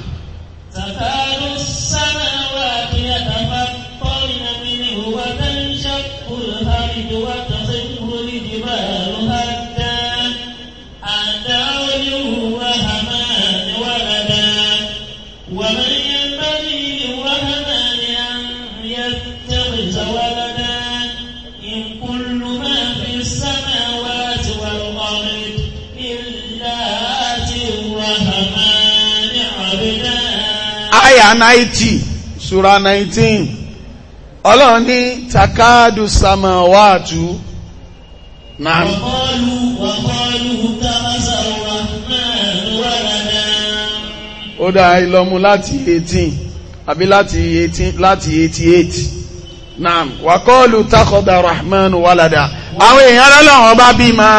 sura 19 ọlọ́run ní takadu samawatu na ó dá ìlọ́mú láti 18 àbí láti 18 láti 88 na wakọ́ọ̀lù takọ̀dà rahman walada àwọn èèyàn lọ́lọ́wọ́ bá bí ma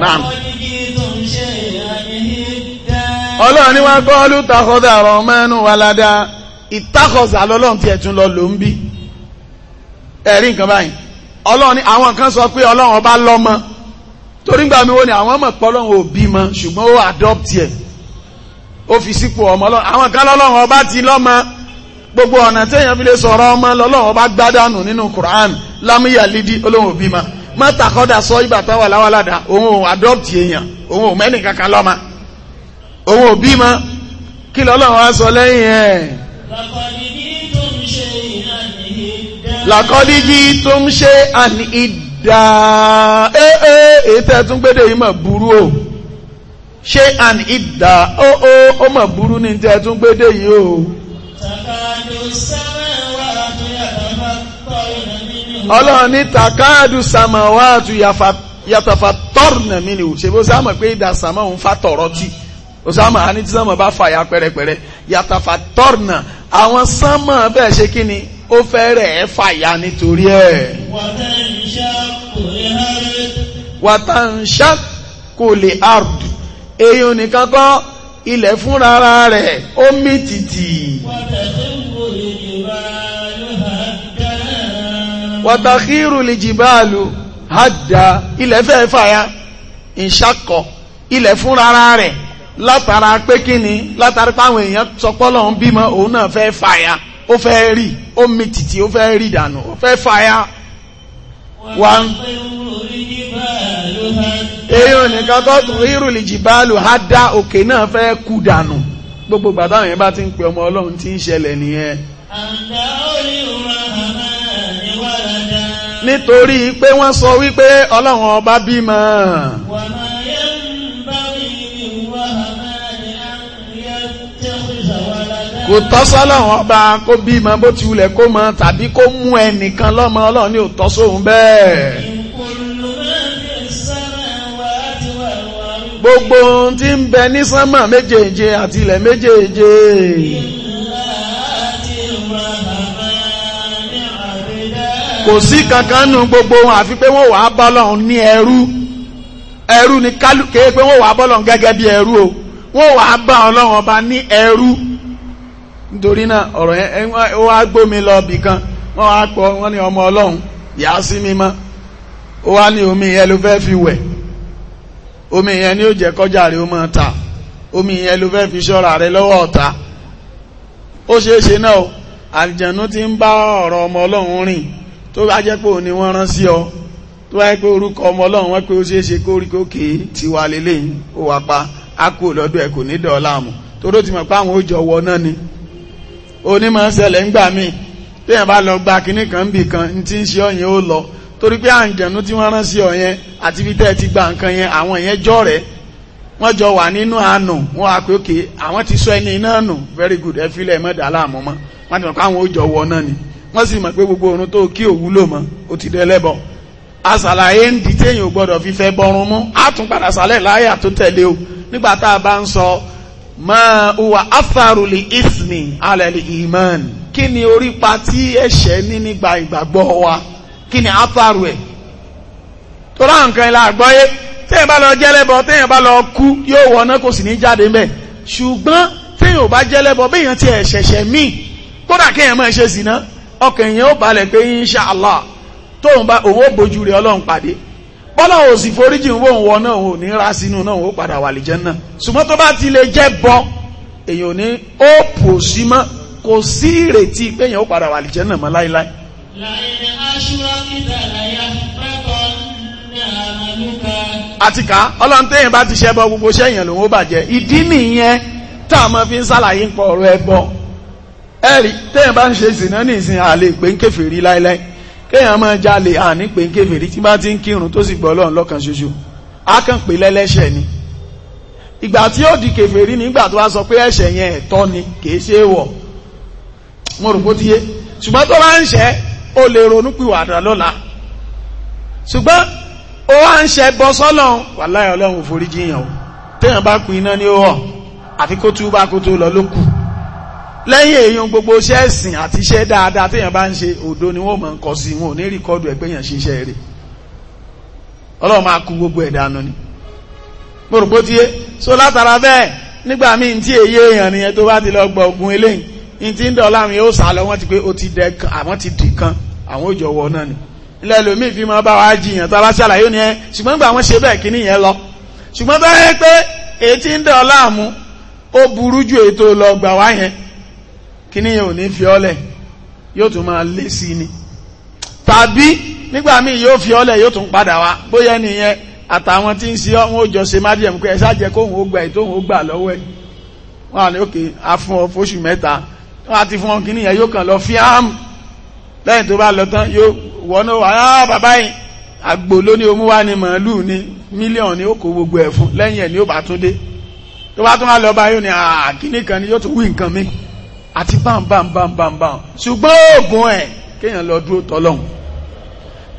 naam. ọlọ́run ni wọ́n kọ́ ọlú takọ́dà ọ̀rọ̀ mẹ́nu walada ìtakọ̀sà lọ́lọ́run tiẹ̀ tún lọ ló ń bí ẹ̀rí nǹkan báyìí ọlọ́run ni àwọn kan sọ pé ọlọ́run ọba lọ́mọ torí gbà mí wo ni àwọn mọ̀ pé ọlọ́run ò bímọ ṣùgbọ́n ó adopt ẹ̀ ó fi sípò ọmọ ọlọ́run àwọn kan lọ́lọ́run ọba ti lọ́mọ gbogbo ọ̀nà téèyàn fi lè sọ̀rọ̀ ọmọ lọ́lọ́run ọba gbádànù nínú Quran lámúyàlídí ọlọ́run ò bímọ mọ́tàkọ́dà sọ ìbàtà wà láwàládà òun ò adopt èèyàn òun ò mẹ́nìkankan lọ́mọ òun ò bímọ kí lọ́lọ́run á sọ lẹ́yìn ẹ̀. làkọ́díjí tó ń ṣe àní ìdá ee èyí tẹ́ tún gbédè yìí mà burú o ṣe àní ìdá ó ó ó mà burú ní tẹ́ tún gbédè yìí o. takadu samawa tu yatafa tọrọ na mi ni o ṣe bó sáà mọ̀ pé ìdá sàmà òun fa tọ̀rọ̀ tì osama àní tí sánmà bá fàyà pẹ̀rẹ̀pẹ̀rẹ̀ yàtàfà tọ́rnà àwọn sánmà bẹ́ẹ̀ ṣe kí ni ó fẹ́rẹ̀ ẹ́ fàyà nítorí ẹ̀. wàtàǹṣà kò lè ard èèyàn nìkan kọ́ ilẹ̀ fúnra rẹ̀ ó mì tìtì. wàtàkìrù lè jìbáàlù hàdà ilẹ̀ fẹ́ fàyà ìṣàkọ ilẹ̀ fúnra rẹ̀ látara pé kí ni látara pé àwọn èèyàn sọ pé Ọlọ́run bímọ òun náà fẹ́ fàyà ó fẹ́ rí ó mi tìtì ó fẹ́ rí dànù ó fẹ́ fàyà. èèyàn nìkan kọ́ rírùlì jìbálù á dá òkè náà fẹ́ kú dànù gbogbo gbàdá àwọn yẹn bá ti ń pe ọmọ Ọlọ́run tí ń ṣẹlẹ̀ nìyẹn. nítorí pé wọ́n sọ wípé Ọlọ́run ọba bímọ. kò tọ́ sọ́lọ́run ọba kó bímọ bó ti wulẹ̀ kó mọ tàbí kó mú ẹnìkan lọ́mọ ọlọ́run ní òtọ́ sóhun bẹ́ẹ̀. gbogbo ohun tí ń bẹ ní sánmà méjèèje àti ilẹ̀ méjèèje. kò sí kankan nù gbogbo wọn àfi pé wọ́n wàá bọ́lọ́run ní ẹrú ẹrú ni kálukẹ́ pé wọ́n wàá bọ́lọ́run gẹ́gẹ́ bí ẹrú o wọ́n wàá bá ọlọ́run ọba ní ẹrú nítorí náà ọ̀rọ̀ yẹn ó wá gbómi lọ bì kan wọ́n wá pọ̀ wọ́n ní ọmọ ọlọ́run yàá sí mímọ́ ó wá ní omi yẹn ló fẹ́ fi wẹ̀ omi yẹn ni ó jẹ́ kọjá rẹ̀ ó máa ta omi yẹn ló fẹ́ fi ṣọ́ra rẹ̀ lọ́wọ́ ọ̀tá ó ṣeé ṣe náà o àlìjànú ti ń bá ọ̀rọ̀ ọmọ ọlọ́run rìn tó bá jẹ́ pé òun ni wọ́n rán sí ọ tó bá jẹ́ pé orúkọ ọmọ ọlọ́run wọ́n pé ó ṣeé ṣe kó kókè tiwa lélẹ́yìn ó wà pa á kú lọ́dọ̀ ẹ̀ kò ní dọ̀ọ́ láàmú tó pé àwọn ó jọ wọ náà ni onímọ̀ ṣẹlẹ̀ ń gbà mí téèyàn bá lọ gba kinní kan bì kan tí ń ṣe ọ̀yẹ́ ó lọ torí pé àǹjẹ̀nú tí wọ́n rán sí ọ yẹn àti ibi tẹ́ ẹ ti gba nǹkan yẹn àwọn yẹn jọ rẹ̀ wọ́n jọ wà nínú àánú wọ́n á pé òkè àwọn ti sọ ẹni iná nù very good ẹ filẹ̀ mọ́dà láàmú mọ́ wọ́n ti mọ̀ pé àwọn ó jọ wọ náà ni wọ́n sì mọ̀ pé gbogbo orun tó kí òwúlò mọ́ ó ti dẹ́lẹ́bọ̀ asàlàyé ń di téèyàn ò gbọ́dọ̀ fífẹ́ bọrun mú á tún padà sálẹ̀ láyà tó tẹ̀lé o nígbà tá a bá ń sọ ma huwa atharu li ismi ala li iman kí ni orípa tí ẹ̀ṣẹ̀ ní nígbà ìgbàgbọ́ wa kí ni atharu ẹ̀ tó rá nǹkan ilá àgbọ́yé téèyàn bá lọ jẹ́lẹ́bọ téèyàn bá lọ kú yóò wọná kò sì ní jáde ńbẹ̀ ṣùgbọ́n téèyàn ò bá jẹ́lẹ́bọ béèyàn ti ẹ̀ṣẹ̀ṣẹ̀ míì kódà kéèyàn máa ṣe sìná ọkàn èèyàn ó balẹ̀ pé insha tóun bá òun bójú rẹ̀ ọlọ́run pàdé bọ́lá ò sì foríjì ń wò ń wọ náà ò ní rá sínú náà ó padà wà lè jẹ́ náà ṣùgbọ́n tó bá ti lè jẹ́ bọ́ èyàn ní ó pò sí mọ́ kò sí ìrètí pé èyàn ó padà wà lè jẹ́ náà mọ́ láíláí. àti ká ọlọ́run téèyàn bá ti ṣẹbọ gbogbo sẹ́yìn lòun ó bàjẹ́ ìdí nìyẹn tá a máa fi ń ṣàlàyé ń pọ̀ ọ̀rọ̀ ẹbọ ẹ̀rí téèyàn bá ń ṣe ìsìn náà ní ìsìn àlè pé ń kèfèrí láíláí kéèyàn máa jalè àní pé kéferì tí bá ti ń kírun tó sì gbọ́ Ọlọ́run lọ́kàn ṣoṣo á kàn pé lẹ́lẹ́ṣẹ̀ ni ìgbà tí ó di kéferì nígbà tó wá sọ pé ẹ̀ṣẹ̀ yẹn ẹ̀tọ́ ni kìí ṣe é wọ̀ mo rò bó ti ṣùgbọ́n tó bá ń ṣẹ́ ó lè ronúpìwàdà lọ́la ṣùgbọ́n ó wá ń ṣẹ́ bọ́ sọ́lọ́run wàláhì Ọlọ́run ò yàn o téèyàn bá kú iná ní ó hàn àfi kó túbá kó tó lọ ló kù lẹ́yìn èèyàn gbogbo iṣẹ́ ẹ̀sìn àti iṣẹ́ dáadáa téèyàn bá ń ṣe òdo ni wọ́n máa ń kọ sí wọn ò ní rìkọ́dù ẹ̀ pé èèyàn ṣiṣẹ́ rẹ̀ ọlọ́run máa kú gbogbo ẹ̀ dànù ni mo rò pé ó ti yé so látara bẹ́ẹ̀ nígbà míì tí èyí èèyàn nìyẹn tó bá ti lọ gbọ́ ogun eléyìí ní ti ń dọ̀ọ́lá mi ó sá lọ wọ́n ti pé ó ti dẹ kan àwọn ti dì kan àwọn ò jọ̀wọ́ náà ni ilẹ̀ lómi fi máa bá wa jiyàn tó bá ṣàlàyé ni ẹ ṣùgbọ́n gbà wọ́n ṣe bẹ́ẹ̀ kí nìyẹn lọ ṣùgbọ́n tó yẹ wá kíní yẹn ní fi ọ́lẹ̀ yóò tún máa lé sí ni tàbí nígbà míì yóò fi ọ́lẹ̀ yóò tún padà wá bóyá nìyẹn àtàwọn tí ń ṣe ọ́ wọn ò jọ ṣe májèm pé ẹ ṣáàjẹ kóhùn ó gba èyí tóhùn ó gbà lọ́wọ́ ẹ̀ wọn à ní òkè afún ọ fóṣù mẹ́ta wọn àti fún ọ kíní yẹn yóò kàn lọ fi áàmù lẹ́yìn tó bá lọ tán yóò wọnú wà ah, bàbá yìí àgbò lóní omúwá ni màálù ni mílíọ̀n ni ó kó gbogbo ẹ̀ fún lẹ́yìn ẹ̀ ni ó bá tún dé tó bá tún wá lọ bá yóò ní àkíní ah, kan ni yóò tún wí nǹkan mi àti báńbáńbáńbáń ṣùgbọ́n oògùn ẹ̀ kéèyàn lọ dúró tọ́lọ́hun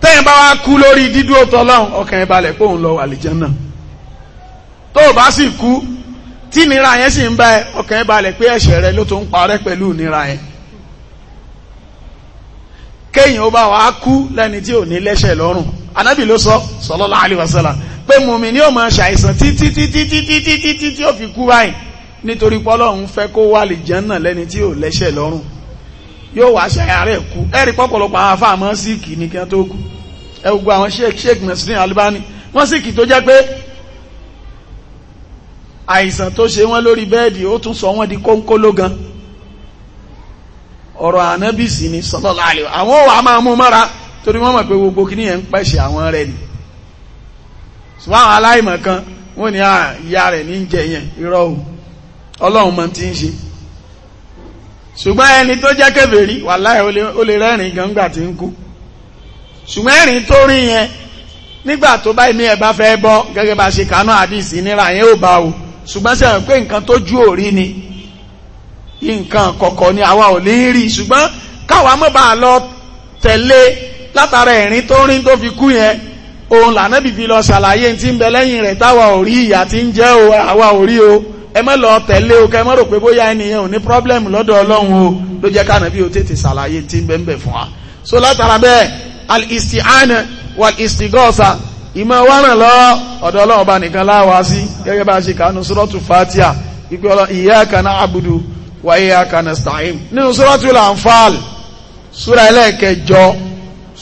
tẹ́yìn bá wá kú lórí dídúró tọ́lọ́hun ọkàn ẹ̀ balẹ̀ pé òun lọ wà lìjánà tó o bá sì kú tí ìnira yẹn sì ń bá ẹ ọkàn ẹ̀ balẹ̀ pé ẹ̀ṣẹ̀ rẹ ló tó ń parẹ́ pẹ̀lú ìnira yẹn kéèyàn ó bá wá kú lẹ́ni tí ò ní lẹ́ṣẹ̀ lọ́rùn anábì ló sọ sallallahu alaihi wasallam pé mùmí ni ó máa ṣàìsàn títí títí títí títí tí ó fi kú báyìí nítorí pọ́lọ́run fẹ́ kó wà lè jẹ́nà lẹ́ni tí ò lẹ́ṣẹ̀ lọ́rùn yóò wá ṣẹ̀yà rẹ̀ kú ẹ̀rí pọ́pọ̀lọpọ̀ àwọn afáàmọ́ síìkì ní kí wọ́n tó kú ẹ àwọn sheikh sheikh Nasruddin wọ́n síìkì tó jẹ́ pé àìsàn tó ṣe wọ́n lórí bẹ́ẹ̀dì ó tún sọ wọ́n di kónkóló gan ọ̀rọ̀ ànábìsì ni sallallahu alaihi àwọn òwà máa mú mọ́ra ni ṣùgbọ́n àwọn aláìmọ̀ kan wọ́n ní ah, ọlọ́run mọ̀ tí ń ṣe ṣùgbọ́n ẹni tó jẹ́ kèfèrí wàláhì ó lè rẹ́rìn gangba tí ń kú ṣùgbọ́n ẹ̀rìn tó rí yẹn nígbà tó bá ìmí ẹ̀ bá fẹ́ bọ́ gẹ́gẹ́ bá ṣe kánú àdìsí níra yẹn ò bá o ṣùgbọ́n sẹ́wọ̀n pé nǹkan tó ju òrí ni nǹkan kọ̀kọ̀ ni àwa ò ní rí ṣùgbọ́n káwa mọ́ bá lọ tẹ̀lé látara ẹ̀rín tó rí tó fi kú yẹn òun lànà bìbí lọ ṣàlàyé tí ń bẹ lẹ́yìn rẹ̀ táwa ò rí ìyà tí ń jẹ́ o àwa ò rí o ẹ má lọ tẹ̀lé o kẹ má rò pé bóyá ẹnìyẹn ò ní problem lọ́dọ̀ ọlọ́run o ló jẹ́ ká nàbí o tètè ṣàlàyé tí ń bẹ́ẹ̀ fún wa so látara bẹ́ẹ̀ al-isti'ana wal-istighatha ìmọ̀ wa ràn lọ ọ̀dọ̀ ọlọ́run ọba nìkan láwa sí gẹ́gẹ́ bá a ṣe kàánú suratul Fatiha ìpè ọlọ́ iyyaka na'budu wa iyyaka nasta'in nínú suratul Anfal súra ẹlẹ́ẹ̀kẹjọ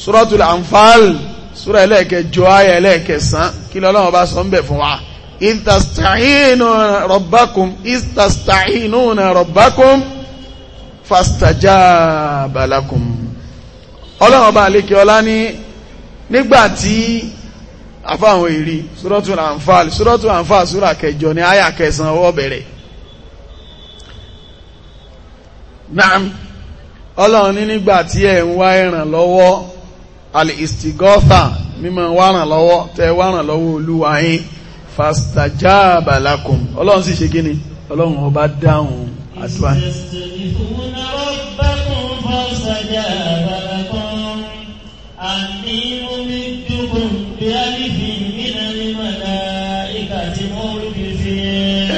suratul Anfal súra ẹlẹ́ẹ̀kẹjọ ayẹ ẹlẹ́ẹ̀kẹsàn kí lọ́lọ́run ọba sọ ń bẹ̀ fún wa istasta'inuna rabbakum istasta'inuna rabbakum fastajaba lakum ọlọ́run ọba àlékè ọlá ní nígbàtí àfáwọn èrí suratul anfal suratul anfal sura kẹjọ ní àyà kẹsàn ọwọ́ bẹ̀rẹ̀ naam ọlọ́run ní nígbàtí ẹ̀ ń wá ìrànlọ́wọ́ al-istigotha mímọ̀ wá ìrànlọ́wọ́ tẹ́ wá ìrànlọ́wọ́ olúwa yín fastajaba lakum ọlọ́run sì ṣe kí ni ọlọ́run ọba dáhùn àdúrà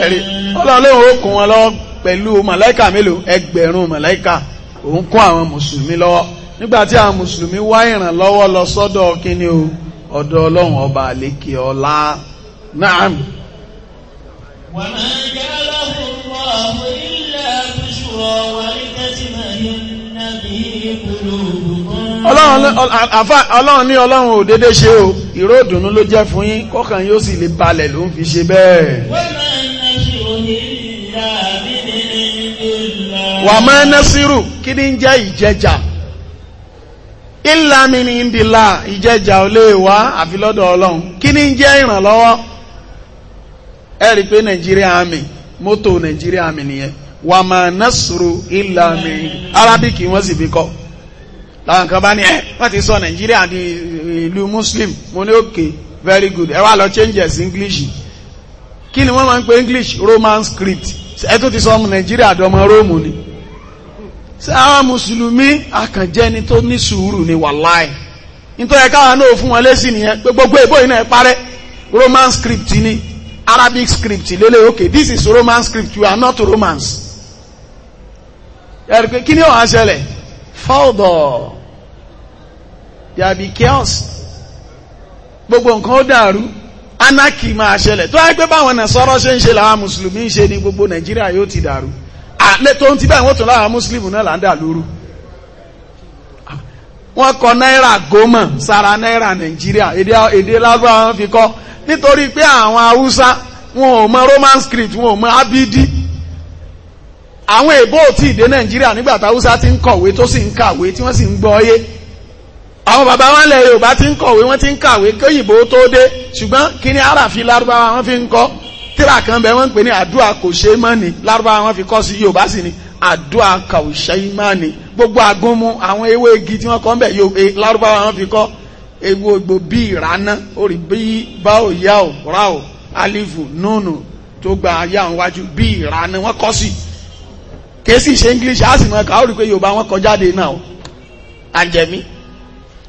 ẹ̀rí ọlọ́run ó kún wọn lọ́wọ́ pẹ̀lú màláìkà mélòó ẹgbẹ̀rún màláìkà òun kún àwọn mùsùlùmí lọ́wọ́ nígbàtí àwọn mùsùlùmí wá ìrànlọ́wọ́ lọ sọ́dọ̀ kíní o ọ̀dọ̀ ọlọ́run ọba àlékè ọlá نعم وما جعله الله إلا بشرى ولتتمئن به قلوبكم ọlọ́run ní ọlọ́run ò dédé ṣe o ìró ìdùnnú ló jẹ́ fún yín kọ́kàn yóò sì lè balẹ̀ ló ń fi ṣe bẹ́ẹ̀. wà máa ná sírù kí ni ń jẹ́ ìjẹjà ìlàmì ní ìdìlà ìjẹjà ò lè wá àfi lọ́dọ̀ ọlọ́run kí ni ń jẹ́ ìrànlọ́wọ́. ẹ rí pé Nigeria Army mọ́tò Nigeria Army nìyẹn wà máa nasru illa min Arabic wọ́n sì fi kọ́ làwọn kan bá ní ẹ eh, wọ́n ti sọ Nigeria di eh, ìlú Muslim mo ní òkè very good ẹ wá lọ changes English kí ni wọ́n máa ń pe English Roman script ẹ tó ti sọ ọmọ Nigeria dọmọ Róòmù ni sáwọn mùsùlùmí ni tó ní sùúrù ni wàláì nítorí káwọn náà fún wọn lésì nìyẹn gbogbo ìbò yìí náà parẹ́ Roman script ni Arabic script lélẹ̀ okay this is Roman script you are not Romans ẹ̀rì pé kí ni ọ̀hán ṣẹlẹ̀ fọ́ọ̀dọ̀ there be chaos gbogbo nǹkan ó dàrú anarchy máa ṣẹlẹ̀ tó wáyé pé báwọn nàṣọ́rọ́ ṣe ń ṣe làwọn mùsùlùmí ń ṣe ní gbogbo Nàìjíríà yóò ti dàrú àlẹ́ tó ń ti báyìí wọ́n tún láwọn mùsùlùmí náà là ń dà lóru wọ́n kọ náírà gómọ̀ sára náírà nàìjíríà èdè lábúrò wọn fi kọ́ nítorí pé àwọn haúsá wọn ò mọ roman script wọn ò mọ abidi àwọn èbó tí ìdè nàìjíríà nígbà tí haúsá ti ń kọ̀wé tó sì ń kàwé tí wọ́n sì ń gbọ́ ọyé àwọn bàbá wọn lẹ yorùbá ti ń kọ̀wé wọ́n ti ń kàwé kéyìnbó tó dé ṣùgbọ́n kíní àràfi lárúbáwá wọn fi ń kọ́ tíra kan bẹ wọ́n ń pè ní àdúrà kò ṣe é mọ́ ni lárúbáwá wọn fi kọ́ sí yorùbá sì ni àdúrà kàùṣẹ́ ìmáàní gbogbo agúnmu àwọn ewé igi tí wọ́n kọ́ ń bẹ̀ yóò e lárúbáwá wọn fi kọ́ ewu gbogbo bí ìrànà orí bí báò yá ò rà ò alifu nùnù tó gba ayé àwọn wájú bí ìrànà wọn kọ́ sí kìí ṣe english á sì mọ̀ ká ó rí pé yorùbá wọn kọ jáde náà àjẹmí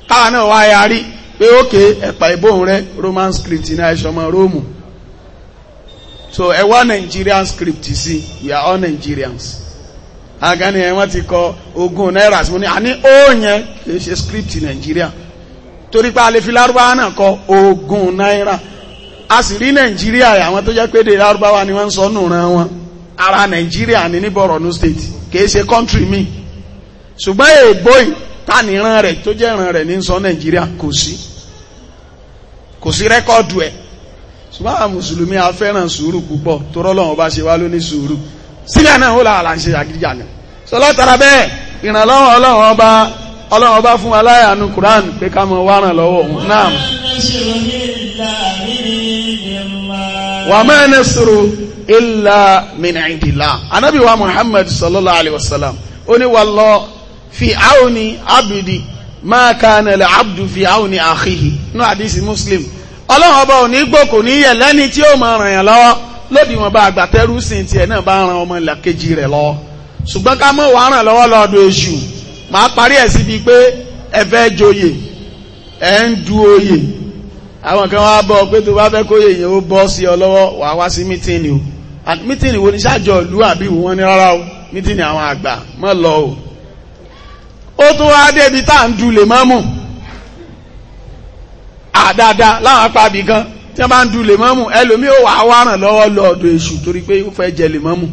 káwa náà wá yarí pé ókè ẹ̀pà ìbòhùn rẹ roman script ní àìsànmọ́ róòmù so ẹ wá nigerian script sí we are all nigerians. agani ẹ̀ wọ́n ti kọ ogún náírà sí mo ní àní oòyẹn kìí ṣe script nàìjíríà torí pé alẹ́ fi lárúbáwá náà kọ ogún náírà a sì rí nàìjíríà àwọn tó jẹ́ pé èdè lárúbáwá ni wọ́n ń sọ nùran wọn ara nàìjíríà ni ní Borno state kìí ṣe country mi ṣùgbọ́n èèbó ìtànìran rẹ̀ tó jẹ́ ìran rẹ̀ ní sọ nàìjíríà kò sí kò sí rẹ́kọ̀dù ẹ̀ ṣùgbọ́n àwọn mùsùlùmí a sùúrù púpọ̀ tó rọ́lọ́wọ́n bá ṣe wá lóní sùúrù sílẹ̀ náà ó làwọn àṣẹ àgídíjà ni so látara bẹ́ẹ̀ ìrànlọ́wọ́ ọlọ́run ọba ọlọ́run ọba fún aláyànú Quran pé ká mọ wá ràn lọ́wọ́ òun náà. wà ma nasru illa min indillah anábì wa Muhammad sallallahu alayhi wa sallam ó ní wallah fi auni abdi ma kana al-abdu fi auni akhihi ní àdìsí Muslim ọlọ́run ọba ò ní gbòkò ní yẹ̀ lẹ́ni tí ó máa ràn yàn lọ́wọ́ lódì wọn bá agbátẹrù sìn tiẹ̀ náà bá ran ọmọ ìlàkejì rẹ̀ lọ ṣùgbọ́n ká mọ̀ wàá ràn lọ́wọ́ lọ́dọ̀ èṣù màá parí ẹ̀ síbi pé ẹ fẹ́ joyè ẹ ń du oyè àwọn kan wá bọ̀ pé tó bá fẹ́ kóyè yẹn ó bọ́ sí ọ lọ́wọ́ wàá wá sí mítìnì o mítìnì wo ni ṣáàjọ ìlú àbí wọn ní rárá o mítìnì àwọn àgbà mọ́ lọ o ó tún wá débi tá à ń du lè mọ́ mù àdáadáa láwọn apá abì gan tí wọ́n bá ń du lèmọ́mù ẹlòmí ò wá wárán lọ́wọ́ lọ́ọ̀dọ̀ èṣù torí pé ó fẹ́ jẹ lèmọ́mù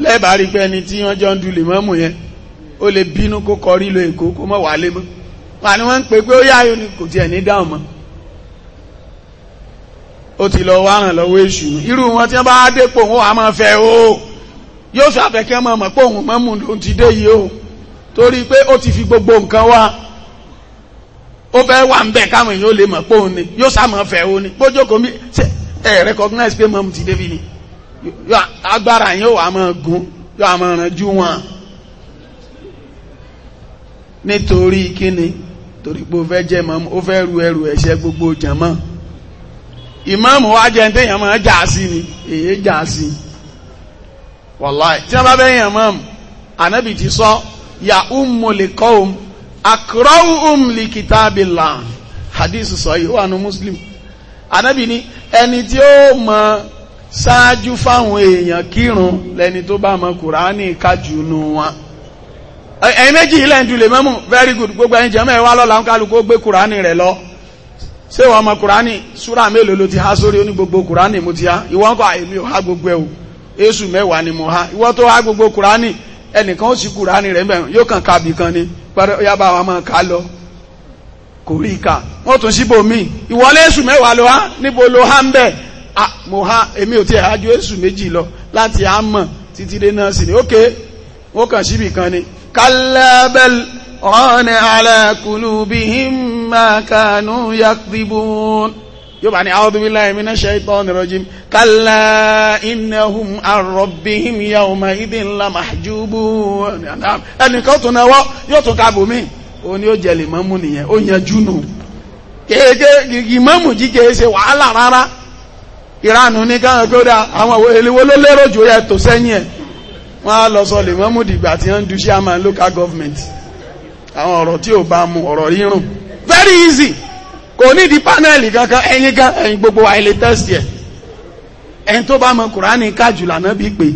lẹ́ẹ̀bà rí pé ẹni tí wọ́n jọ ń du lèmọ́mù yẹn ó lè bínú kó kọrí lo èkó kó mọ̀ wálé mọ́ wà ní wọ́n ń pè pé ó yáyò ni kò tiẹ̀ ní dáhùn mọ́ ó ti lọ wárán lọ́wọ́ èṣù irú wọn tí wọ́n bá dépò wọn á máa fẹ́ o yóò fẹ́ afẹ́kẹ́ mọ̀ mọ̀ pé òun mọ́mù ló ti dé yìí o torí pé ó ti fi gbogbo nǹkan wá ó fẹ́ wà ń bẹ̀ káwọn èèyàn ó lè mọ̀ pé òun ni yóò sàmọ̀ fẹ́ òun ni bójú kò mí ṣe ẹ recognize pé mọ̀mù ti débi ni agbára yẹn ó wà máa gun yóò àmọ́ ràn jú wọn nítorí kíni torí pé ó fẹ́ jẹ́ gbogbo jama wa jẹ́ téèyàn máa jà sí ni èyí jà sí wàláì tí wọ́n akụrụ lè kìtàbìlà hadith sọ̀yí wà ní muslim anábì ní ẹni tí ó mọ ṣáájú fáwọn èèyàn kírun lẹni tó bá mọ kùránì kájú nù wọn ẹ̀yin méjì ilẹ̀ dulè very good gbogbo ẹ̀yin jẹ́mọ́ ẹ̀ wá lọ́la kálukú ó gbé kùránì rẹ̀ lọ ṣé kùránì súrà mélòó ló ti ha sórí oní gbogbo kùránì mo ti gbogbo ẹ̀ o mẹ́wàá ni mo tó gbogbo kùránì ẹnìkan ó sì kúránì rẹ̀ mẹ́rin yóò kàn kábì kan ni yá bá wa máa ká lọ kò rí ìka wọ́n tún síbò míì ìwọlé èṣù mẹ́wàá ló há níbo ló há ń bẹ̀ mo há èmi ò tiẹ̀ ájú èṣù méjì lọ láti àmọ̀ títí dé náà sì ni ókè wọ́n kàn síbì kan ni kálábẹ́lì ọ̀nà ala kulubihim ma kanu yakdibun yóò bá ní a'udhu billahi minash shaitani rajim kalla innahum an rabbihim yawma idhin la mahjubun ẹnìkan tún náwọ́ yóò tún ká bòmí o ní ó jẹ lè mọ́mú nìyẹn ó yanjú nù kéèké ìmọ̀mù jíjẹ ṣe wàhálà rárá ìranù ní káwọn tó dá àwọn èléwó ló lérò jù yẹ tó sẹ́yìn ẹ̀ á lọ sọ lè mọ́mù dìgbà tí wọ́n ń du chairman local government àwọn ọ̀rọ̀ tí ò very easy kò ní di pánẹ́lì kankan ẹ̀yin gan ẹ̀yin gbogbo wa ilé tẹ́sì ẹ̀ ẹ̀yin tó bá mọ kùránì kájù lànàbí pé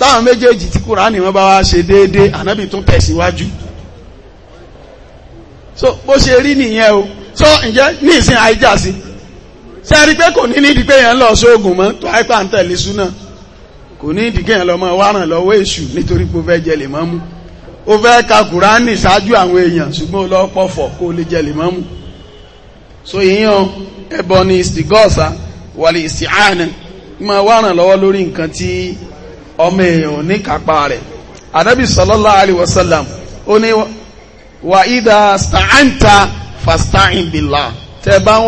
táwọn méjèèjì tí kùránì wọn bá wá ṣe déédéé ànábì tún tẹ̀síwájú so bó ṣe rí nìyẹn o so ǹjẹ́ ní ìsìn àìjà sí ṣe rí pé kò ní nídìí pé yẹn lọ sóògùn mọ́ tó àìpà ń tẹ̀lé súnà kò ní ìdí kéèyàn lọ mọ́ wárán lọ́wọ́ èṣù nítorí pé ó fẹ́ jẹ lè mọ́ mú ó fẹ́ ka kùránì ṣáájú àwọn èèyàn ṣùgbọ́n olọ́pọ̀fọ̀ kó lè jẹ lè so ìyàn ẹbọ ni istigọ́ọ̀sá wàlì ìsìáàna ma wá ràn lọ́wọ́ lórí nǹkan tí ọmọ èèyàn ní kápá rẹ̀ anabi sallallahu alaihi wasalam ó ní wà ìdá bá ń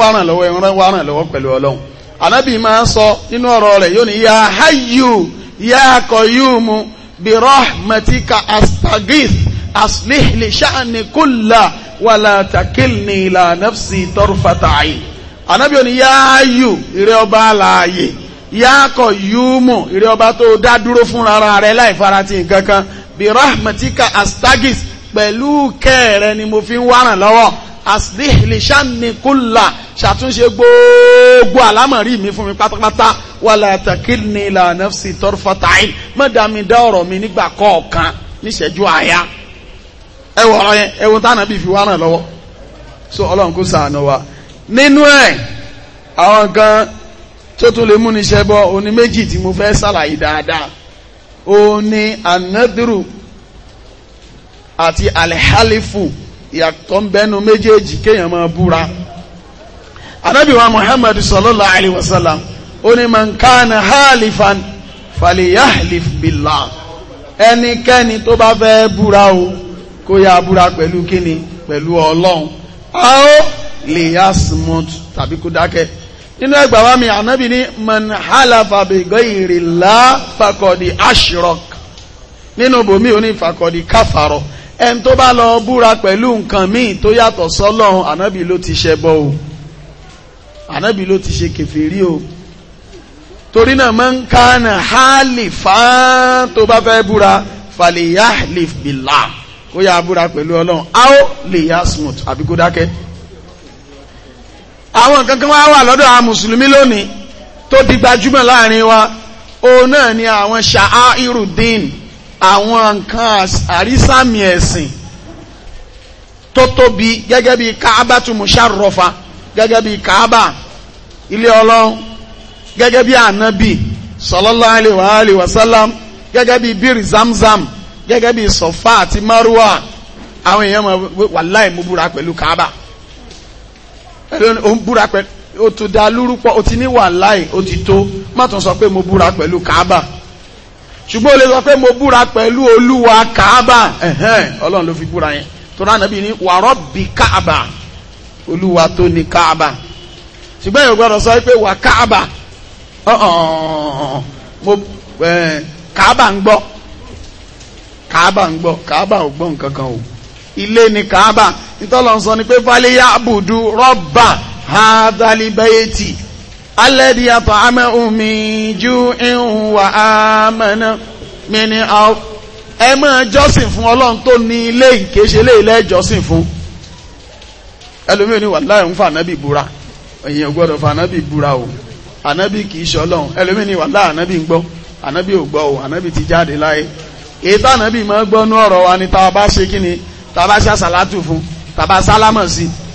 ràn lọ́wọ́ ràn lọ́wọ́ pẹ̀lú ọlọ́run máa ń sọ nínú ọ̀rọ̀ rẹ̀ yóò ní birahmatika astagith aslih li sha'ni kulla wala takilni ila nafsi tarfata ayn anabi oni yaayu ire ọba alààyè yaakọ yuumu ire ọba tó dá dúró fún ara rẹ̀ láì farati nǹkan kan birahmatika astagith pẹ̀lú kẹ́ẹ̀rẹ́ ni mo fi ń wárán lọ́wọ́ aslihli shani kulla ṣàtúnṣe gbogbo àlámọ̀rí mi fún mi pátápátá wala takilni ila nafsi tarfata ayn mọ́dàmí dá ọ̀rọ̀ mi nígbà kọ̀ọ̀kan níṣẹ́jú àyà ẹ wọ ọ̀rọ̀ yẹn ẹ wo tánà bí fi wá ràn lọ́wọ́ so ọlọ́run kó ṣàánú wa nínú ẹ̀ àwọn kan tó tún lè múni ṣẹ́ bọ́ oní méjì tí mo fẹ́ ṣàlàyé dáadáa ó ní àti alihalifu ìyàtọ̀ ń bẹnu méjèèjì kéèyàn máa búra anábì wa muhammad sallallahu alayhi wa sallam ó ní man kana halifan falyahlif billah ẹnikẹ́ni tó bá fẹ́ búra o kó yá búra pẹ̀lú kíni pẹ̀lú ọlọ́run a ó lè yá smut tàbí kó dákẹ́ nínú ẹgbà wa mi anabi ni man halafa bi ghayrillah faqad ashrak nínú bòmí oní faqad kafaro ẹni tó bá lọ búra pẹ̀lú nǹkan míì tó yàtọ̀ sọ́lọ́run ànábì ló ti ṣẹbọ o ànábì ló ti ṣe kèfèrí o torí náà man kana halifan tó bá fẹ́ búra falyahlif billah kó yá búra pẹ̀lú ọlọ́run aw liyasmut àbí kó dákẹ́ àwọn kankan wá wà lọ́dọ̀ àwọn mùsùlùmí lónìí tó di gbajúmọ̀ láàrin wa òun náà ni àwọn ṣàá irudin àwọn nǹkan àrísàmì ẹ̀sìn tó tóbi gẹ́gẹ́ bí kaaba tún musharrafa gẹ́gẹ́ bí kaaba ilé ọlọ́run gẹ́gẹ́ bí ànábì sallallahu alaihi wa alihi wa sallam gẹ́gẹ́ bí bírí zamzam gẹ́gẹ́ bí sọ̀fà àti márùwà àwọn èèyàn mọ̀ wàláì mú búra pẹ̀lú kaaba ó ń búra pẹ̀lú ó dá lúrúpọ̀ ó ti ní wàláì ó ti tó sọ pé mo búra pẹ̀lú kaaba ṣùgbọ́n o lè sọ pé mo búra pẹ̀lú olúwa kaaba ẹ̀hẹ́n ọlọ́run ló fi búra yẹn torí ànábì ní wàrọ́ bí kaaba olúwa tó ní kaaba ṣùgbọ́n èèyàn gbọ́dọ̀ sọ pé wà kaaba mo kaaba ń gbọ́ kaaba ń gbọ́ kaaba ò gbọ́ nǹkan o ilé ni kaaba nítọ́lọ́ sọ ni pé fálẹ́yà àbùdù rọ́bà hádálíbẹ́yẹ́tì alẹ́dí àtọ̀hámẹ́ omi jú ìhùn wà ámẹ́nà mini out ẹ máa jọ́sìn fún ọlọ́run tó ní ilé ìkéṣe lé ilé ìjọsìn fún ẹlòmíì ní wàláì ń fa ànábì búra èyàn gbọ́dọ̀ fa ànábì búra o ànábì kìí ṣe ọlọ́run ẹlòmíì ní wàláì ànábì ń gbọ́ ànábì ò gbọ́ o ànábì ti jáde láyé èyí tá ànábì máa gbọ́ nú ọ̀rọ̀ wa ni tá a bá ṣe kí ni tá a bá ṣe àṣàlátù fún tá a bá sálámọ̀ sí i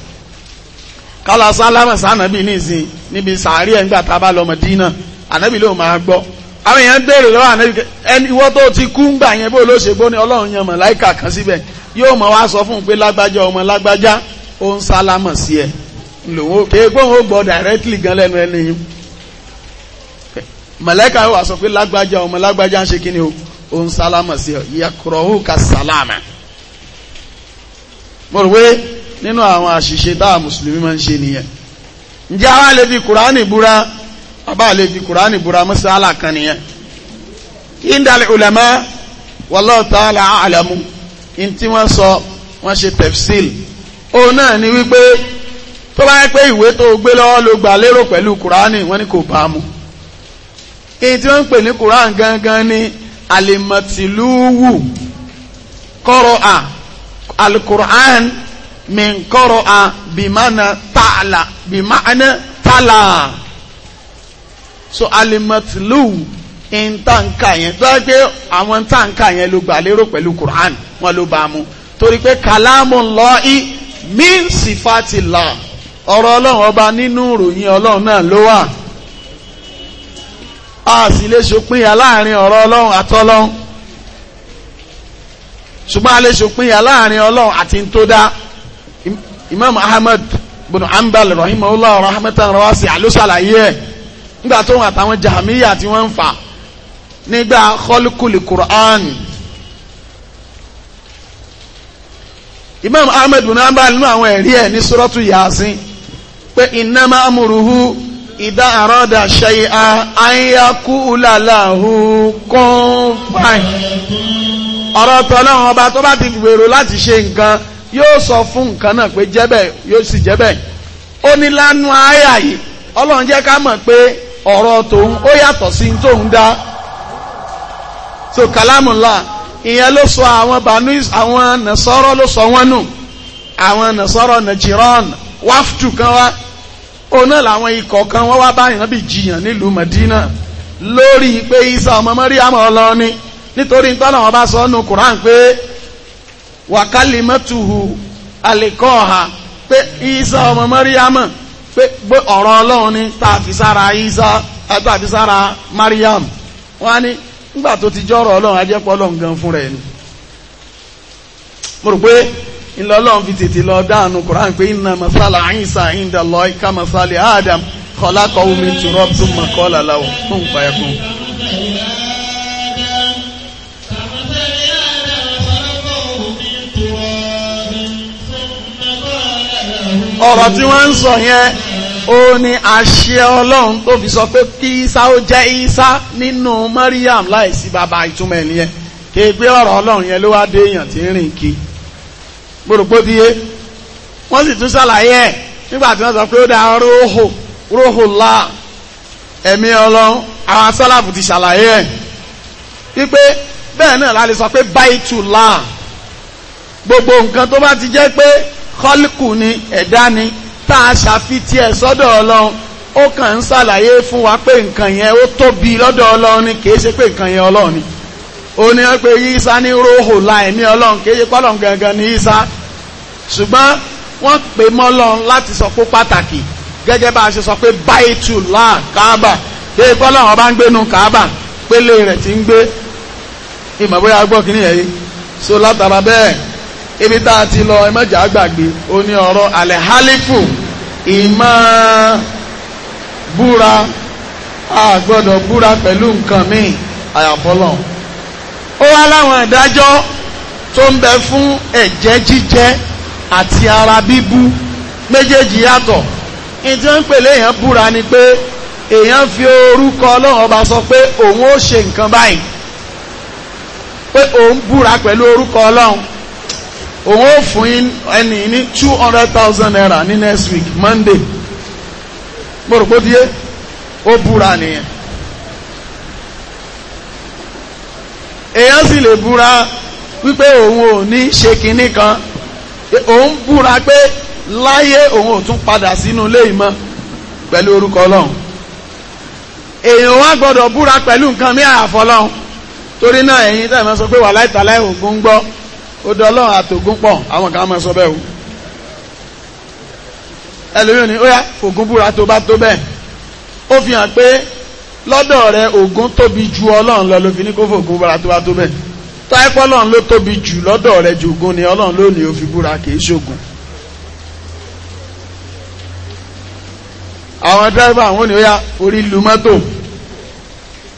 kálá sálámà sànàbí nìsín níbi sàárì ẹ̀ńgbà tá a bá lọ Mẹdínà ànábì ló máa gbọ́ àwọn èèyàn béèrè lọ́wọ́ ànábì ẹni ìwọ́ tó ti kú ń gbà yẹn bó ló ṣe gbóni ọlọ́run yan màláìkà kan síbẹ̀ yóò mọ̀ wá sọ fún un pé lágbájá ọmọ lágbájá ó ń sálámà sí ẹ̀ lòun ó kéé gbóhùn ó gbọ́ directly gan lẹ́nu ẹni màláìkà wà sọ pé lágbájá ọmọ lágbájá ń ṣe kí ni ó ń ka sálámà. mo nínú àwọn àṣìṣe táà mùsùlùmí ma ń ṣe nìyẹn ǹjẹ́ àwa lè fi kùránì búra bàbá lè fi kùránì búra mọ́sálà kan nìyẹn indal ulama wallahu ta'ala a'lamu in tí wọ́n sọ wọ́n ṣe tefsil òun náà ni wípé tó bá yẹ pé ìwé tó gbé lọ́wọ́ ló gbà lérò pẹ̀lú kùránì wọ́n ní kò bá mu èyí tí wọ́n ń pè ní kùránì gangan ni alimọ̀tìlúwù kọ́rọ̀ à alukur'an min qara'a bimana ta'ala bimana ta'ala so alimatlu in tanka yẹn tó ṣe àwọn tanka yẹn ló gbà lérò pẹ̀lú Qur'an wọn ló bá mu torí pé kalamullahi min sifatillah ọ̀rọ̀ ọlọ́run ọba nínú ìròyìn ọlọ́run náà ló wà a sì lè ṣòpinya láàrin ọ̀rọ̀ ọlọ́run àtọ́lọ́run ṣùgbọ́n a lè ṣòpinya láàrin ọlọ́run àti ń imam ahmed bin hanbal rahimahullah rahmatan rawasi alóṣàlàyé ẹ̀ nígbà tó wọn àtàwọn jahamiya tí wọ́n ń fà nígbà kọlùkùlù quran imam ahmed bin hanbal nínú àwọn ẹ̀rí ẹ̀ ní sọ́rọ́tù yasin pé innama amruhu idha arada shay'an an yaqula lahu kun fàáyì ọ̀rọ̀ tọ́lọ́wọ́n ọba tó bá ti gbèrò láti ṣe nǹkan yóò sọ fún nǹkan náà pé jẹ́bẹ̀ yóò sì jẹ́bẹ̀ ó ní lánú àyà yìí ọlọ́run jẹ́ ká mọ̀ pé ọ̀rọ̀ tòun ó yàtọ̀ sí tóun dá so kalamula ìyẹn ló sọ àwọn banu àwọn nasọrọ ló sọ wọn nù àwọn nasọrọ nàìjíríàn wáfùtù kan wá òun náà làwọn ikọ̀ kan wọ́n wá báyìí bí jiyàn nílùú Madina lórí pé Isa ọmọ Màríàmù ọlọ́ni nítorí nítorí àwọn bá sọ ọ́nù Kùrán pé wa kalimatuhu alikoha pe isa ọmọ mariam pé ọ̀rọ̀ ọlọ́run ni tàbí sára isa sára mariam wọ́n á ní nígbà tó ti jọrọ ọlọ́run ajẹ́pọ̀ ọlọ́run gan fún rẹ̀ ni mo rò pé ilẹ̀ ọlọ́run fi tètè lọ dáànù koran pé inna masala isa inda lọ ika masali adam khalaqahu ọ̀rọ̀ tí wọ́n ń sọ yẹn ó ní àṣẹ ọlọ́run tó fi sọ pé kí isa ó jẹ́ isa nínú Mariam láìsí bàbá ìtumọ̀ ẹ̀ nìyẹn kéègbé ọ̀rọ̀ ọlọ́run yẹn ló wá dé èèyàn tí ń rìn kí gbòròpó wọ́n sì tún ṣàlàyé ẹ̀ nígbà tí wọ́n sọ pé ó dá róhò róhò la ẹ̀mí ọlọ́run àwọn sọ́làbù ti ṣàlàyé ẹ̀ wípé bẹ́ẹ̀ náà la lè sọ pé báyìí tù la gbogbo nǹkan tó bá ti jẹ́ pé kọ́líkù ni ẹ̀dá ni tá a ṣàfitì ẹ̀ sọ́dọ̀ ọlọ́run ó kàn ń ṣàlàyé fún wa pé nǹkan yẹn ó tóbi lọ́dọ̀ ọlọ́run ni kìí ṣe pé nǹkan yẹn ọlọ́run ni ó ní wọ́n pe yíṣá ní róhò láìní ọlọ́run kìí ṣe pọ́lọ́n gangan ní yíṣá ṣùgbọ́n wọ́n pè mọ́lọ́run láti sọ pé pàtàkì gẹ́gẹ́ bá a ṣe sọ pé báyìtù láà káàbà kìí pọ́lọ́run ọba ń gbénu káàbà pélé rẹ̀ ti ń gbé ìmọ̀ bóyá gbọ́ kí ibi tá a ti lọ ẹ má jà gbàgbé ó ní ọ̀rọ̀ alẹ́hálífù ìmọ̀ búra a gbọ́dọ̀ búra pẹ̀lú nǹkan míì àyàfọ́lọ̀ ó wá láwọn ìdájọ́ tó ń bẹ fún ẹ̀jẹ̀ jíjẹ àti ara bíbú méjèèjì yàtọ̀ ìdí ó ń pèlè èèyàn búra ni pé èèyàn fi orúkọ ọlọ́run ọba sọ pé òun ó ṣe nǹkan báyìí pé òun búra pẹ̀lú orúkọ ọlọ́run òun ó fún ẹni ní two hundred thousand naira ní next week monday gbòrògbòdìyẹ ó búra nìyẹn èèyàn sì lè búra wípé òun ò ní ṣe kinní kan òun búra pé láyé òun ò tún padà sínú ilé ìmọ̀ pẹ̀lú orúkọ ọlọ́run èèyàn wá gbọ́dọ̀ búra pẹ̀lú nǹkan mí àfọlọ́run torí náà ẹ̀yin tẹ̀mọ́ sọ pé wà láìtàláì ògún gbọ́ ó dọ́ ọlọ́run àtògún pọ̀ àwọn kan máa sọ bẹ́ẹ̀ o ẹlòmíràn ni ó yá ògún búra tó bá tó bẹ́ẹ̀ ó fi hàn pé lọ́dọ̀ rẹ ògún tóbi ju ọlọ́run lọ ló fi ní kó fògún búra tó bá tó bẹ́ẹ̀ táìpọ́ ọlọ́run ló tóbi jù lọ́dọ̀ rẹ ju ògún ni ọlọ́run ló ní ó fi búra kì í ṣògùn. àwọn dírẹ́fà àwọn ni ó yá orí lu mọ́tò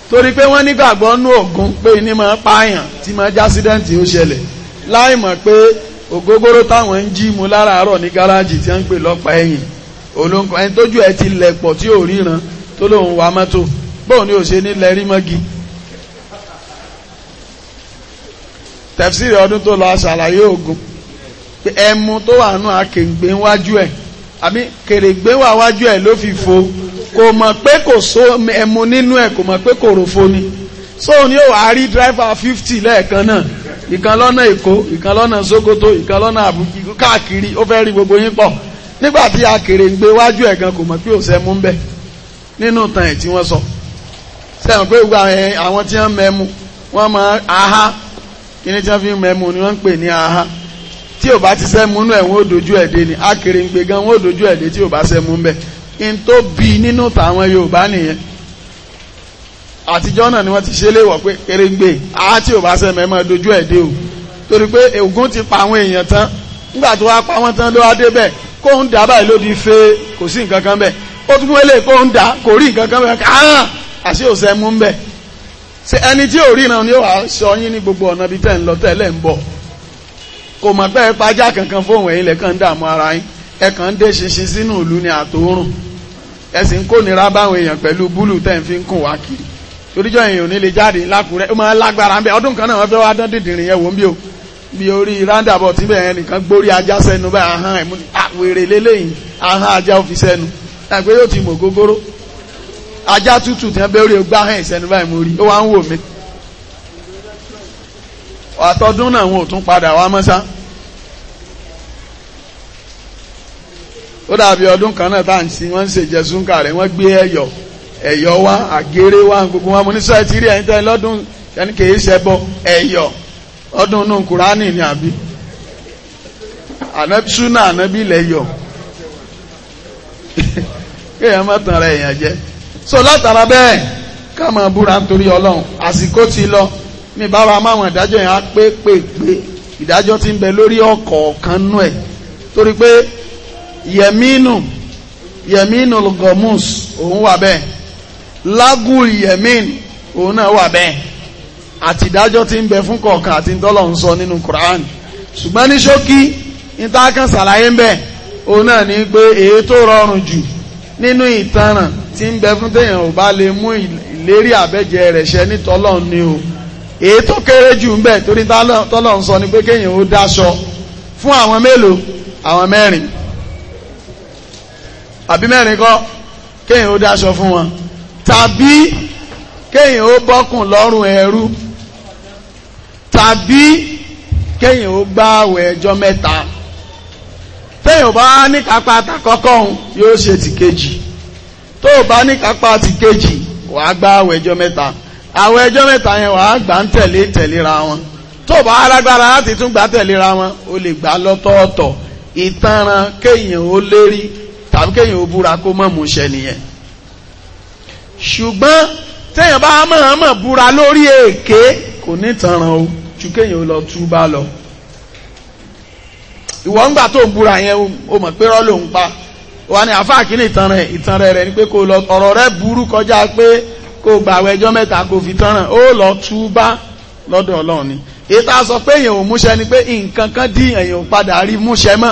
torí pé wọ́n nígbàgbọ́ nú ògún pé ní máa pààyàn tí máa jásídẹ́ǹtì ó ṣẹlẹ̀ láì mọ̀ pé ògógóró táwọn ń jí mu láràárọ̀ ní gáràjì tí wọ́n ń pè lọ́pàá ẹ̀yìn olóńkọ ẹni tójú ẹ ti lẹ̀pọ̀ tí ò ríran tó lóun wa mọ́tò bóun ni ò ṣe nílẹ̀ rí mọ́gi. tẹ̀fsíìrì ọdún tó lọ aṣàlàyé ogun ẹmu tó wà nù akèǹgbè wájú ẹ̀ àbí kèrègbè wà wájú ẹ̀ ló fi fo kò mọ̀ pé kò so ẹmu nínú ẹ̀ kò mọ̀ pé kò rò fo ni so ni ó wàá rí dráìfà fífítì ìkan lọ́nà èkó ìkan lọ́nà sokoto ìkan lọ́nà àbúkí káàkiri ó fẹ́ rí gbogbo yín pọ̀ nígbà tí akèrè ń gbé wájú kò mọ̀ pé ò sẹ́mú ń bẹ̀ nínú ẹ̀ tí wọ́n sọ sẹ́wọ̀n pé gbogbo àwọn tí wọ́n mẹ́mu wọ́n mọ aha kíní tí wọ́n fi mẹ́mu ni wọ́n ń pè aha tí ò ti sẹ́mú nú ẹ̀ wọ́n ó dojú ni akèrè ń gan wọ́n ó dojú ẹ̀ dé tí ò bá ń bẹ̀ àtijọ́ náà ni wọ́n ti ṣe léwọ̀ pé kérégbé àá tí ò bá mọ́ dojú ẹ̀ o torí pé ègún ti pa àwọn èèyàn tán nígbà tó wá pa wọ́n tán ló wá dé bẹ́ẹ̀ kó ń dà báyìí ló di fe kò sí nǹkan kan bẹ́ẹ̀ ó tún wọlé kó ń ṣe ẹni tí ò rí náà ni ó sọ yín ní gbogbo ọ̀nà bíi ń lọ ń bọ̀ kankan fóun ẹ̀yin lẹ́kàn ń dààmú ara yín ń dé ṣinṣin sínú ni àtòórùn báwọn èèyàn toríjọ́ èèyàn ò ní lè jáde lákùrẹ́ ó máa lágbára ń bẹ ọdún kan náà wọ́n fẹ́ wá dán dìndìnrín yẹn wò ń bí o bí orí roundabout tí bẹ̀rẹ̀ nìkan gbórí ajá sẹ́nu bá ahán ẹ̀mú ni àwèrè ah, lélẹ́yìn ahán ajá ó fi sẹ́nu ẹgbẹ́ yóò ti mọ̀ gógóró ajá tútù tí wọ́n bẹ́ orí ogbá ahán ìsẹ́nu báyìí rí ó wá ń wò mí. àtọ́dún náà dàbí ọdún kan náà tá à ń sin wọ́n ń wọ́n gbé ẹ̀yọ́ wá àgéré wá gbogbo wọn mo ní sọ́ọ̀tì rí ẹ̀yìn tẹ́lẹ̀ lọ́dún ẹni kìí ṣẹbọ ẹ̀yọ̀ ọdún inú kùránì ni àbí súnà ànábì lẹ́yọ̀ kéèyàn má tàn ra èèyàn jẹ so látara bẹ́ẹ̀ Kama máa búra nítorí ọlọ́run àsìkò ti lọ ní ìbára máwọn ìdájọ́ yẹn á pé pé pé ìdájọ́ ti ń bẹ lórí ọ̀kọ̀ọ̀kan nú ẹ̀ torí pé yẹmínú yẹmínú gọmùs òun wà bẹ́ẹ̀ lágùn yẹ̀mìn òun náà wà bẹ́ẹ̀ àtìdájọ́ ti ń bẹ fún kọ̀ọ̀kan àti tọ́lọ̀ ń sọ nínú Quran ṣùgbọ́n ní ṣókí ìtàkàn ṣàlàyé ń bẹ òun náà ní pé èyí tó rọrùn jù nínú ìtanràn tí ń bẹ fún téèyàn ò bá lè mú ìlérí àbẹ́jẹ rẹ̀ ṣẹ ní ni o èyí tó kéré jù ń bẹ torí tọ́lọ̀ ń sọ ni pé kéèyàn ó dáṣọ fún àwọn mélòó àwọn mẹ́rin àbí mẹ́rin kọ́ kéèyàn ó dáṣọ fún wọn tàbí kéèyàn ó bọ́kùn lọ́rùn ẹrú tàbí kéèyàn ó gbààwẹ̀ ọjọ́ mẹ́ta téèyàn bá ní kápá àtàkọ́kọ́ òun yóò ṣe ti kejì tó o bá ní kápá ti kejì wàá gbààwẹ̀ ọjọ́ mẹ́ta àwọn ọjọ́ mẹ́ta yẹn wàá gbà ń tẹ̀lé tẹ̀léra wọn tó o bá alágbára láti tún gbà tẹ̀léra wọn o lè gbà lọ́tọ̀ọ̀tọ̀ ìtanràn kéèyàn ó lérí tàbí kéèyàn ó búra kó má mú ṣẹ nìyẹn ṣùgbọ́n téèyàn bá mọ̀ọ́mọ̀ búra lórí èké kò ní tanràn o ju kéèyàn ó lọ túbá lọ ìwọ ńgbà tó ń búra yẹn o mọ̀ pé rọ́ọ̀lù ń pa wa ni àfa kìíní ìtanràn ìtanràn rẹ̀ ni pé kò lọ ọ̀rọ̀ rẹ̀ burú kọjá pé kò gbàwẹ̀ ẹjọ́ mẹ́ta kò fi tanràn ó lọ túbá lọ́dọ̀ ọlọ́run ni ìta sọ pé èèyàn ò múṣẹ ni pé nǹkan kan dí èèyàn padà rí múṣẹ mọ́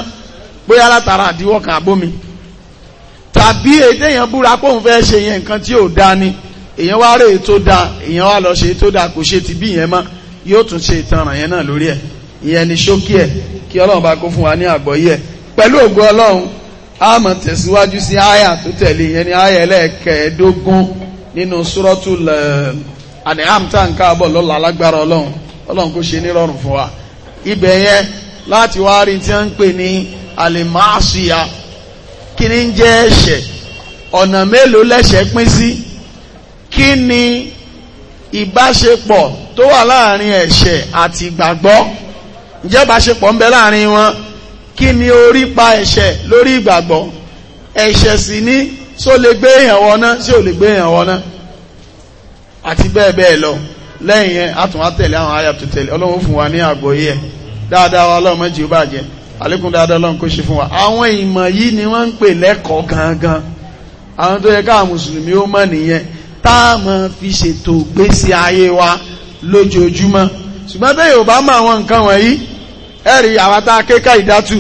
bóyá látara àdíwọ́ kan àbómi tàbí èdèyàn búra kóhun fẹ́ ṣe yẹn nǹkan tí ò da ni èyàn wá rèé tó da èyàn wá lọ ṣe tó da kò ṣe ti bí yẹn mọ́ yóò tún ṣe ìtanràn yẹn náà lórí ẹ̀ ìyẹn ni ṣókí ẹ̀ kí ọlọ́run bá kó fún wa ní àgbọ́yé ẹ̀ pẹ̀lú ògo ọlọ́run a máa tẹ̀síwájú sí àyà tó tẹ̀lé ìyẹn ni àyà ẹlẹ́ẹ̀kẹ́ẹ̀dógún nínú Suratul eh, An'am tá ń káàbọ̀ lọ́la lágbára ọlọ́run ọlọ́run kó ṣe nírọ̀rùn fún wa ibẹ̀ yẹn láti wá rí tí wọ́n ń pè ní alimasia kí ni ń jẹ́ ẹ̀ṣẹ̀ ọ̀nà mélòó lẹ́ṣẹ̀ pín sí kí ni ìbáṣepọ̀ tó wà láàrin ẹ̀ṣẹ̀ àti ìgbàgbọ́ ǹjẹ́ ìbáṣepọ̀ ń bẹ láàrin wọn kí ni orípa ẹ̀ṣẹ̀ lórí ìgbàgbọ́ ẹ̀ṣẹ̀ sì ni só lè gbé èèyàn wọná sí ò lè gbé èèyàn wọná àti bẹ́ẹ̀ bẹ́ẹ̀ lọ lẹ́yìn yẹn a tún wá tẹ̀lé àwọn àyà tó tẹ̀lé ọlọ́run fún wa ní àgbọ́yé ẹ̀ dáadáa wa ọlọ́run mọ́jì ó bàjẹ́ àlékún dáadáa Ọlọ́run kó ṣe fún wa àwọn ìmọ̀ yìí ni wọ́n ń pè lẹ́kọ̀ọ́ gangan àwọn tó yẹ káà mùsùlùmí ó mọ̀ nìyẹn tá a máa fi ṣètò gbésí ayé wa lójoojúmọ́ ṣùgbọ́n tẹ́yìn ò bá mọ àwọn nǹkan wọ̀nyí ẹ̀rí àwọn tá a kéka ìdátù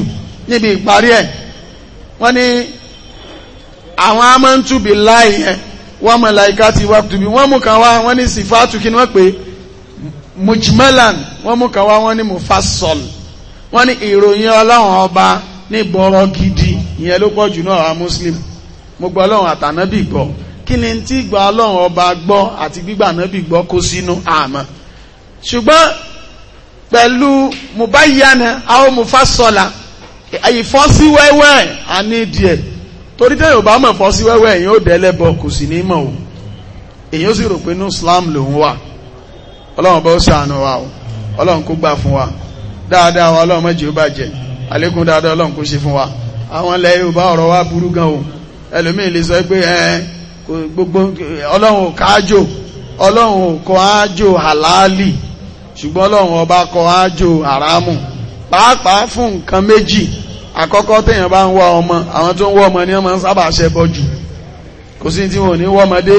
níbi ìparí ẹ̀ wọ́n ní àwọn amọ́ntúbi láì yẹn wọ́n mọ̀ láìka ti wá tùbí wọ́n mú kan wá wọ́n ní sífàtù kí ni wọ́n pè mujmalan wọ́n mú kan wá wọ́n ní mufassal wọ́n ní ìròyìn ọlọ́run ọba ní bọ́rọ̀ gidi ìyẹn ló pọ̀ jù náà àwọn muslim mo gbọ́ ọlọ́run àtànábì gbọ́ kí ni tí gba ọlọ́run ọba gbọ́ àti gbígbà ànábì gbọ́ kó sínú àmọ́ ṣùgbọ́n pẹ̀lú mubayana àwọn mufasola ìfọ́sí wẹ́wẹ́ ànídìẹ̀ torí tẹ́yìn ò bá mọ̀ fọ́sí wẹ́wẹ́ èyàn ó dẹ́lẹ́bọ kò sì ní mọ̀ o èyàn ó sì rò pé ní Islam lòun wà ọlọ́run bá ó ṣàánú wa o ọlọ́run kó gbà fún wa. dáadáa wa ọlọ́run mọ́jì ó bàjẹ́ dáadáa ọlọ́run ṣe fún wa àwọn ilẹ̀ yorùbá ọ̀rọ̀ wa burú gan o ẹlòmíì lè sọ pé ẹ gbogbo ọlọ́run káájò ọlọ́run kọ ájò àlàálì ṣùgbọ́n ọlọ́run ọba ájò àràmù pàápàá fún nǹkan méjì àkọ́kọ́ téèyàn bá ń ọmọ àwọn tó ń ọmọ ni wọ́n máa ń sábà jù kò sí tí wọn ò ní ọmọdé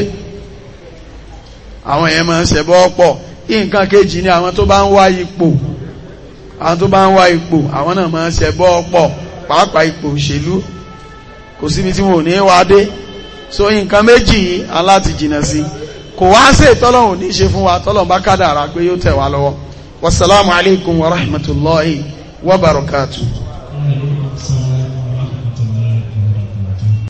àwọn àwọn tó bá ń wá ipò àwọn náà máa ṣẹ bọ́ ọ̀pọ̀ pàápàá ipò òṣèlú kò síbi tí wọn ní wá dé so nǹkan méjì yìí aláti jìnnà sí kò wá ṣe tọ́lọ́hùn ní ṣe fún wa tọ́lọ́hùn bá kádàrá pé yóò tẹ̀ wá lọ́wọ́ wasalaamu alaykum wa rahmatulahi wa barakatuh.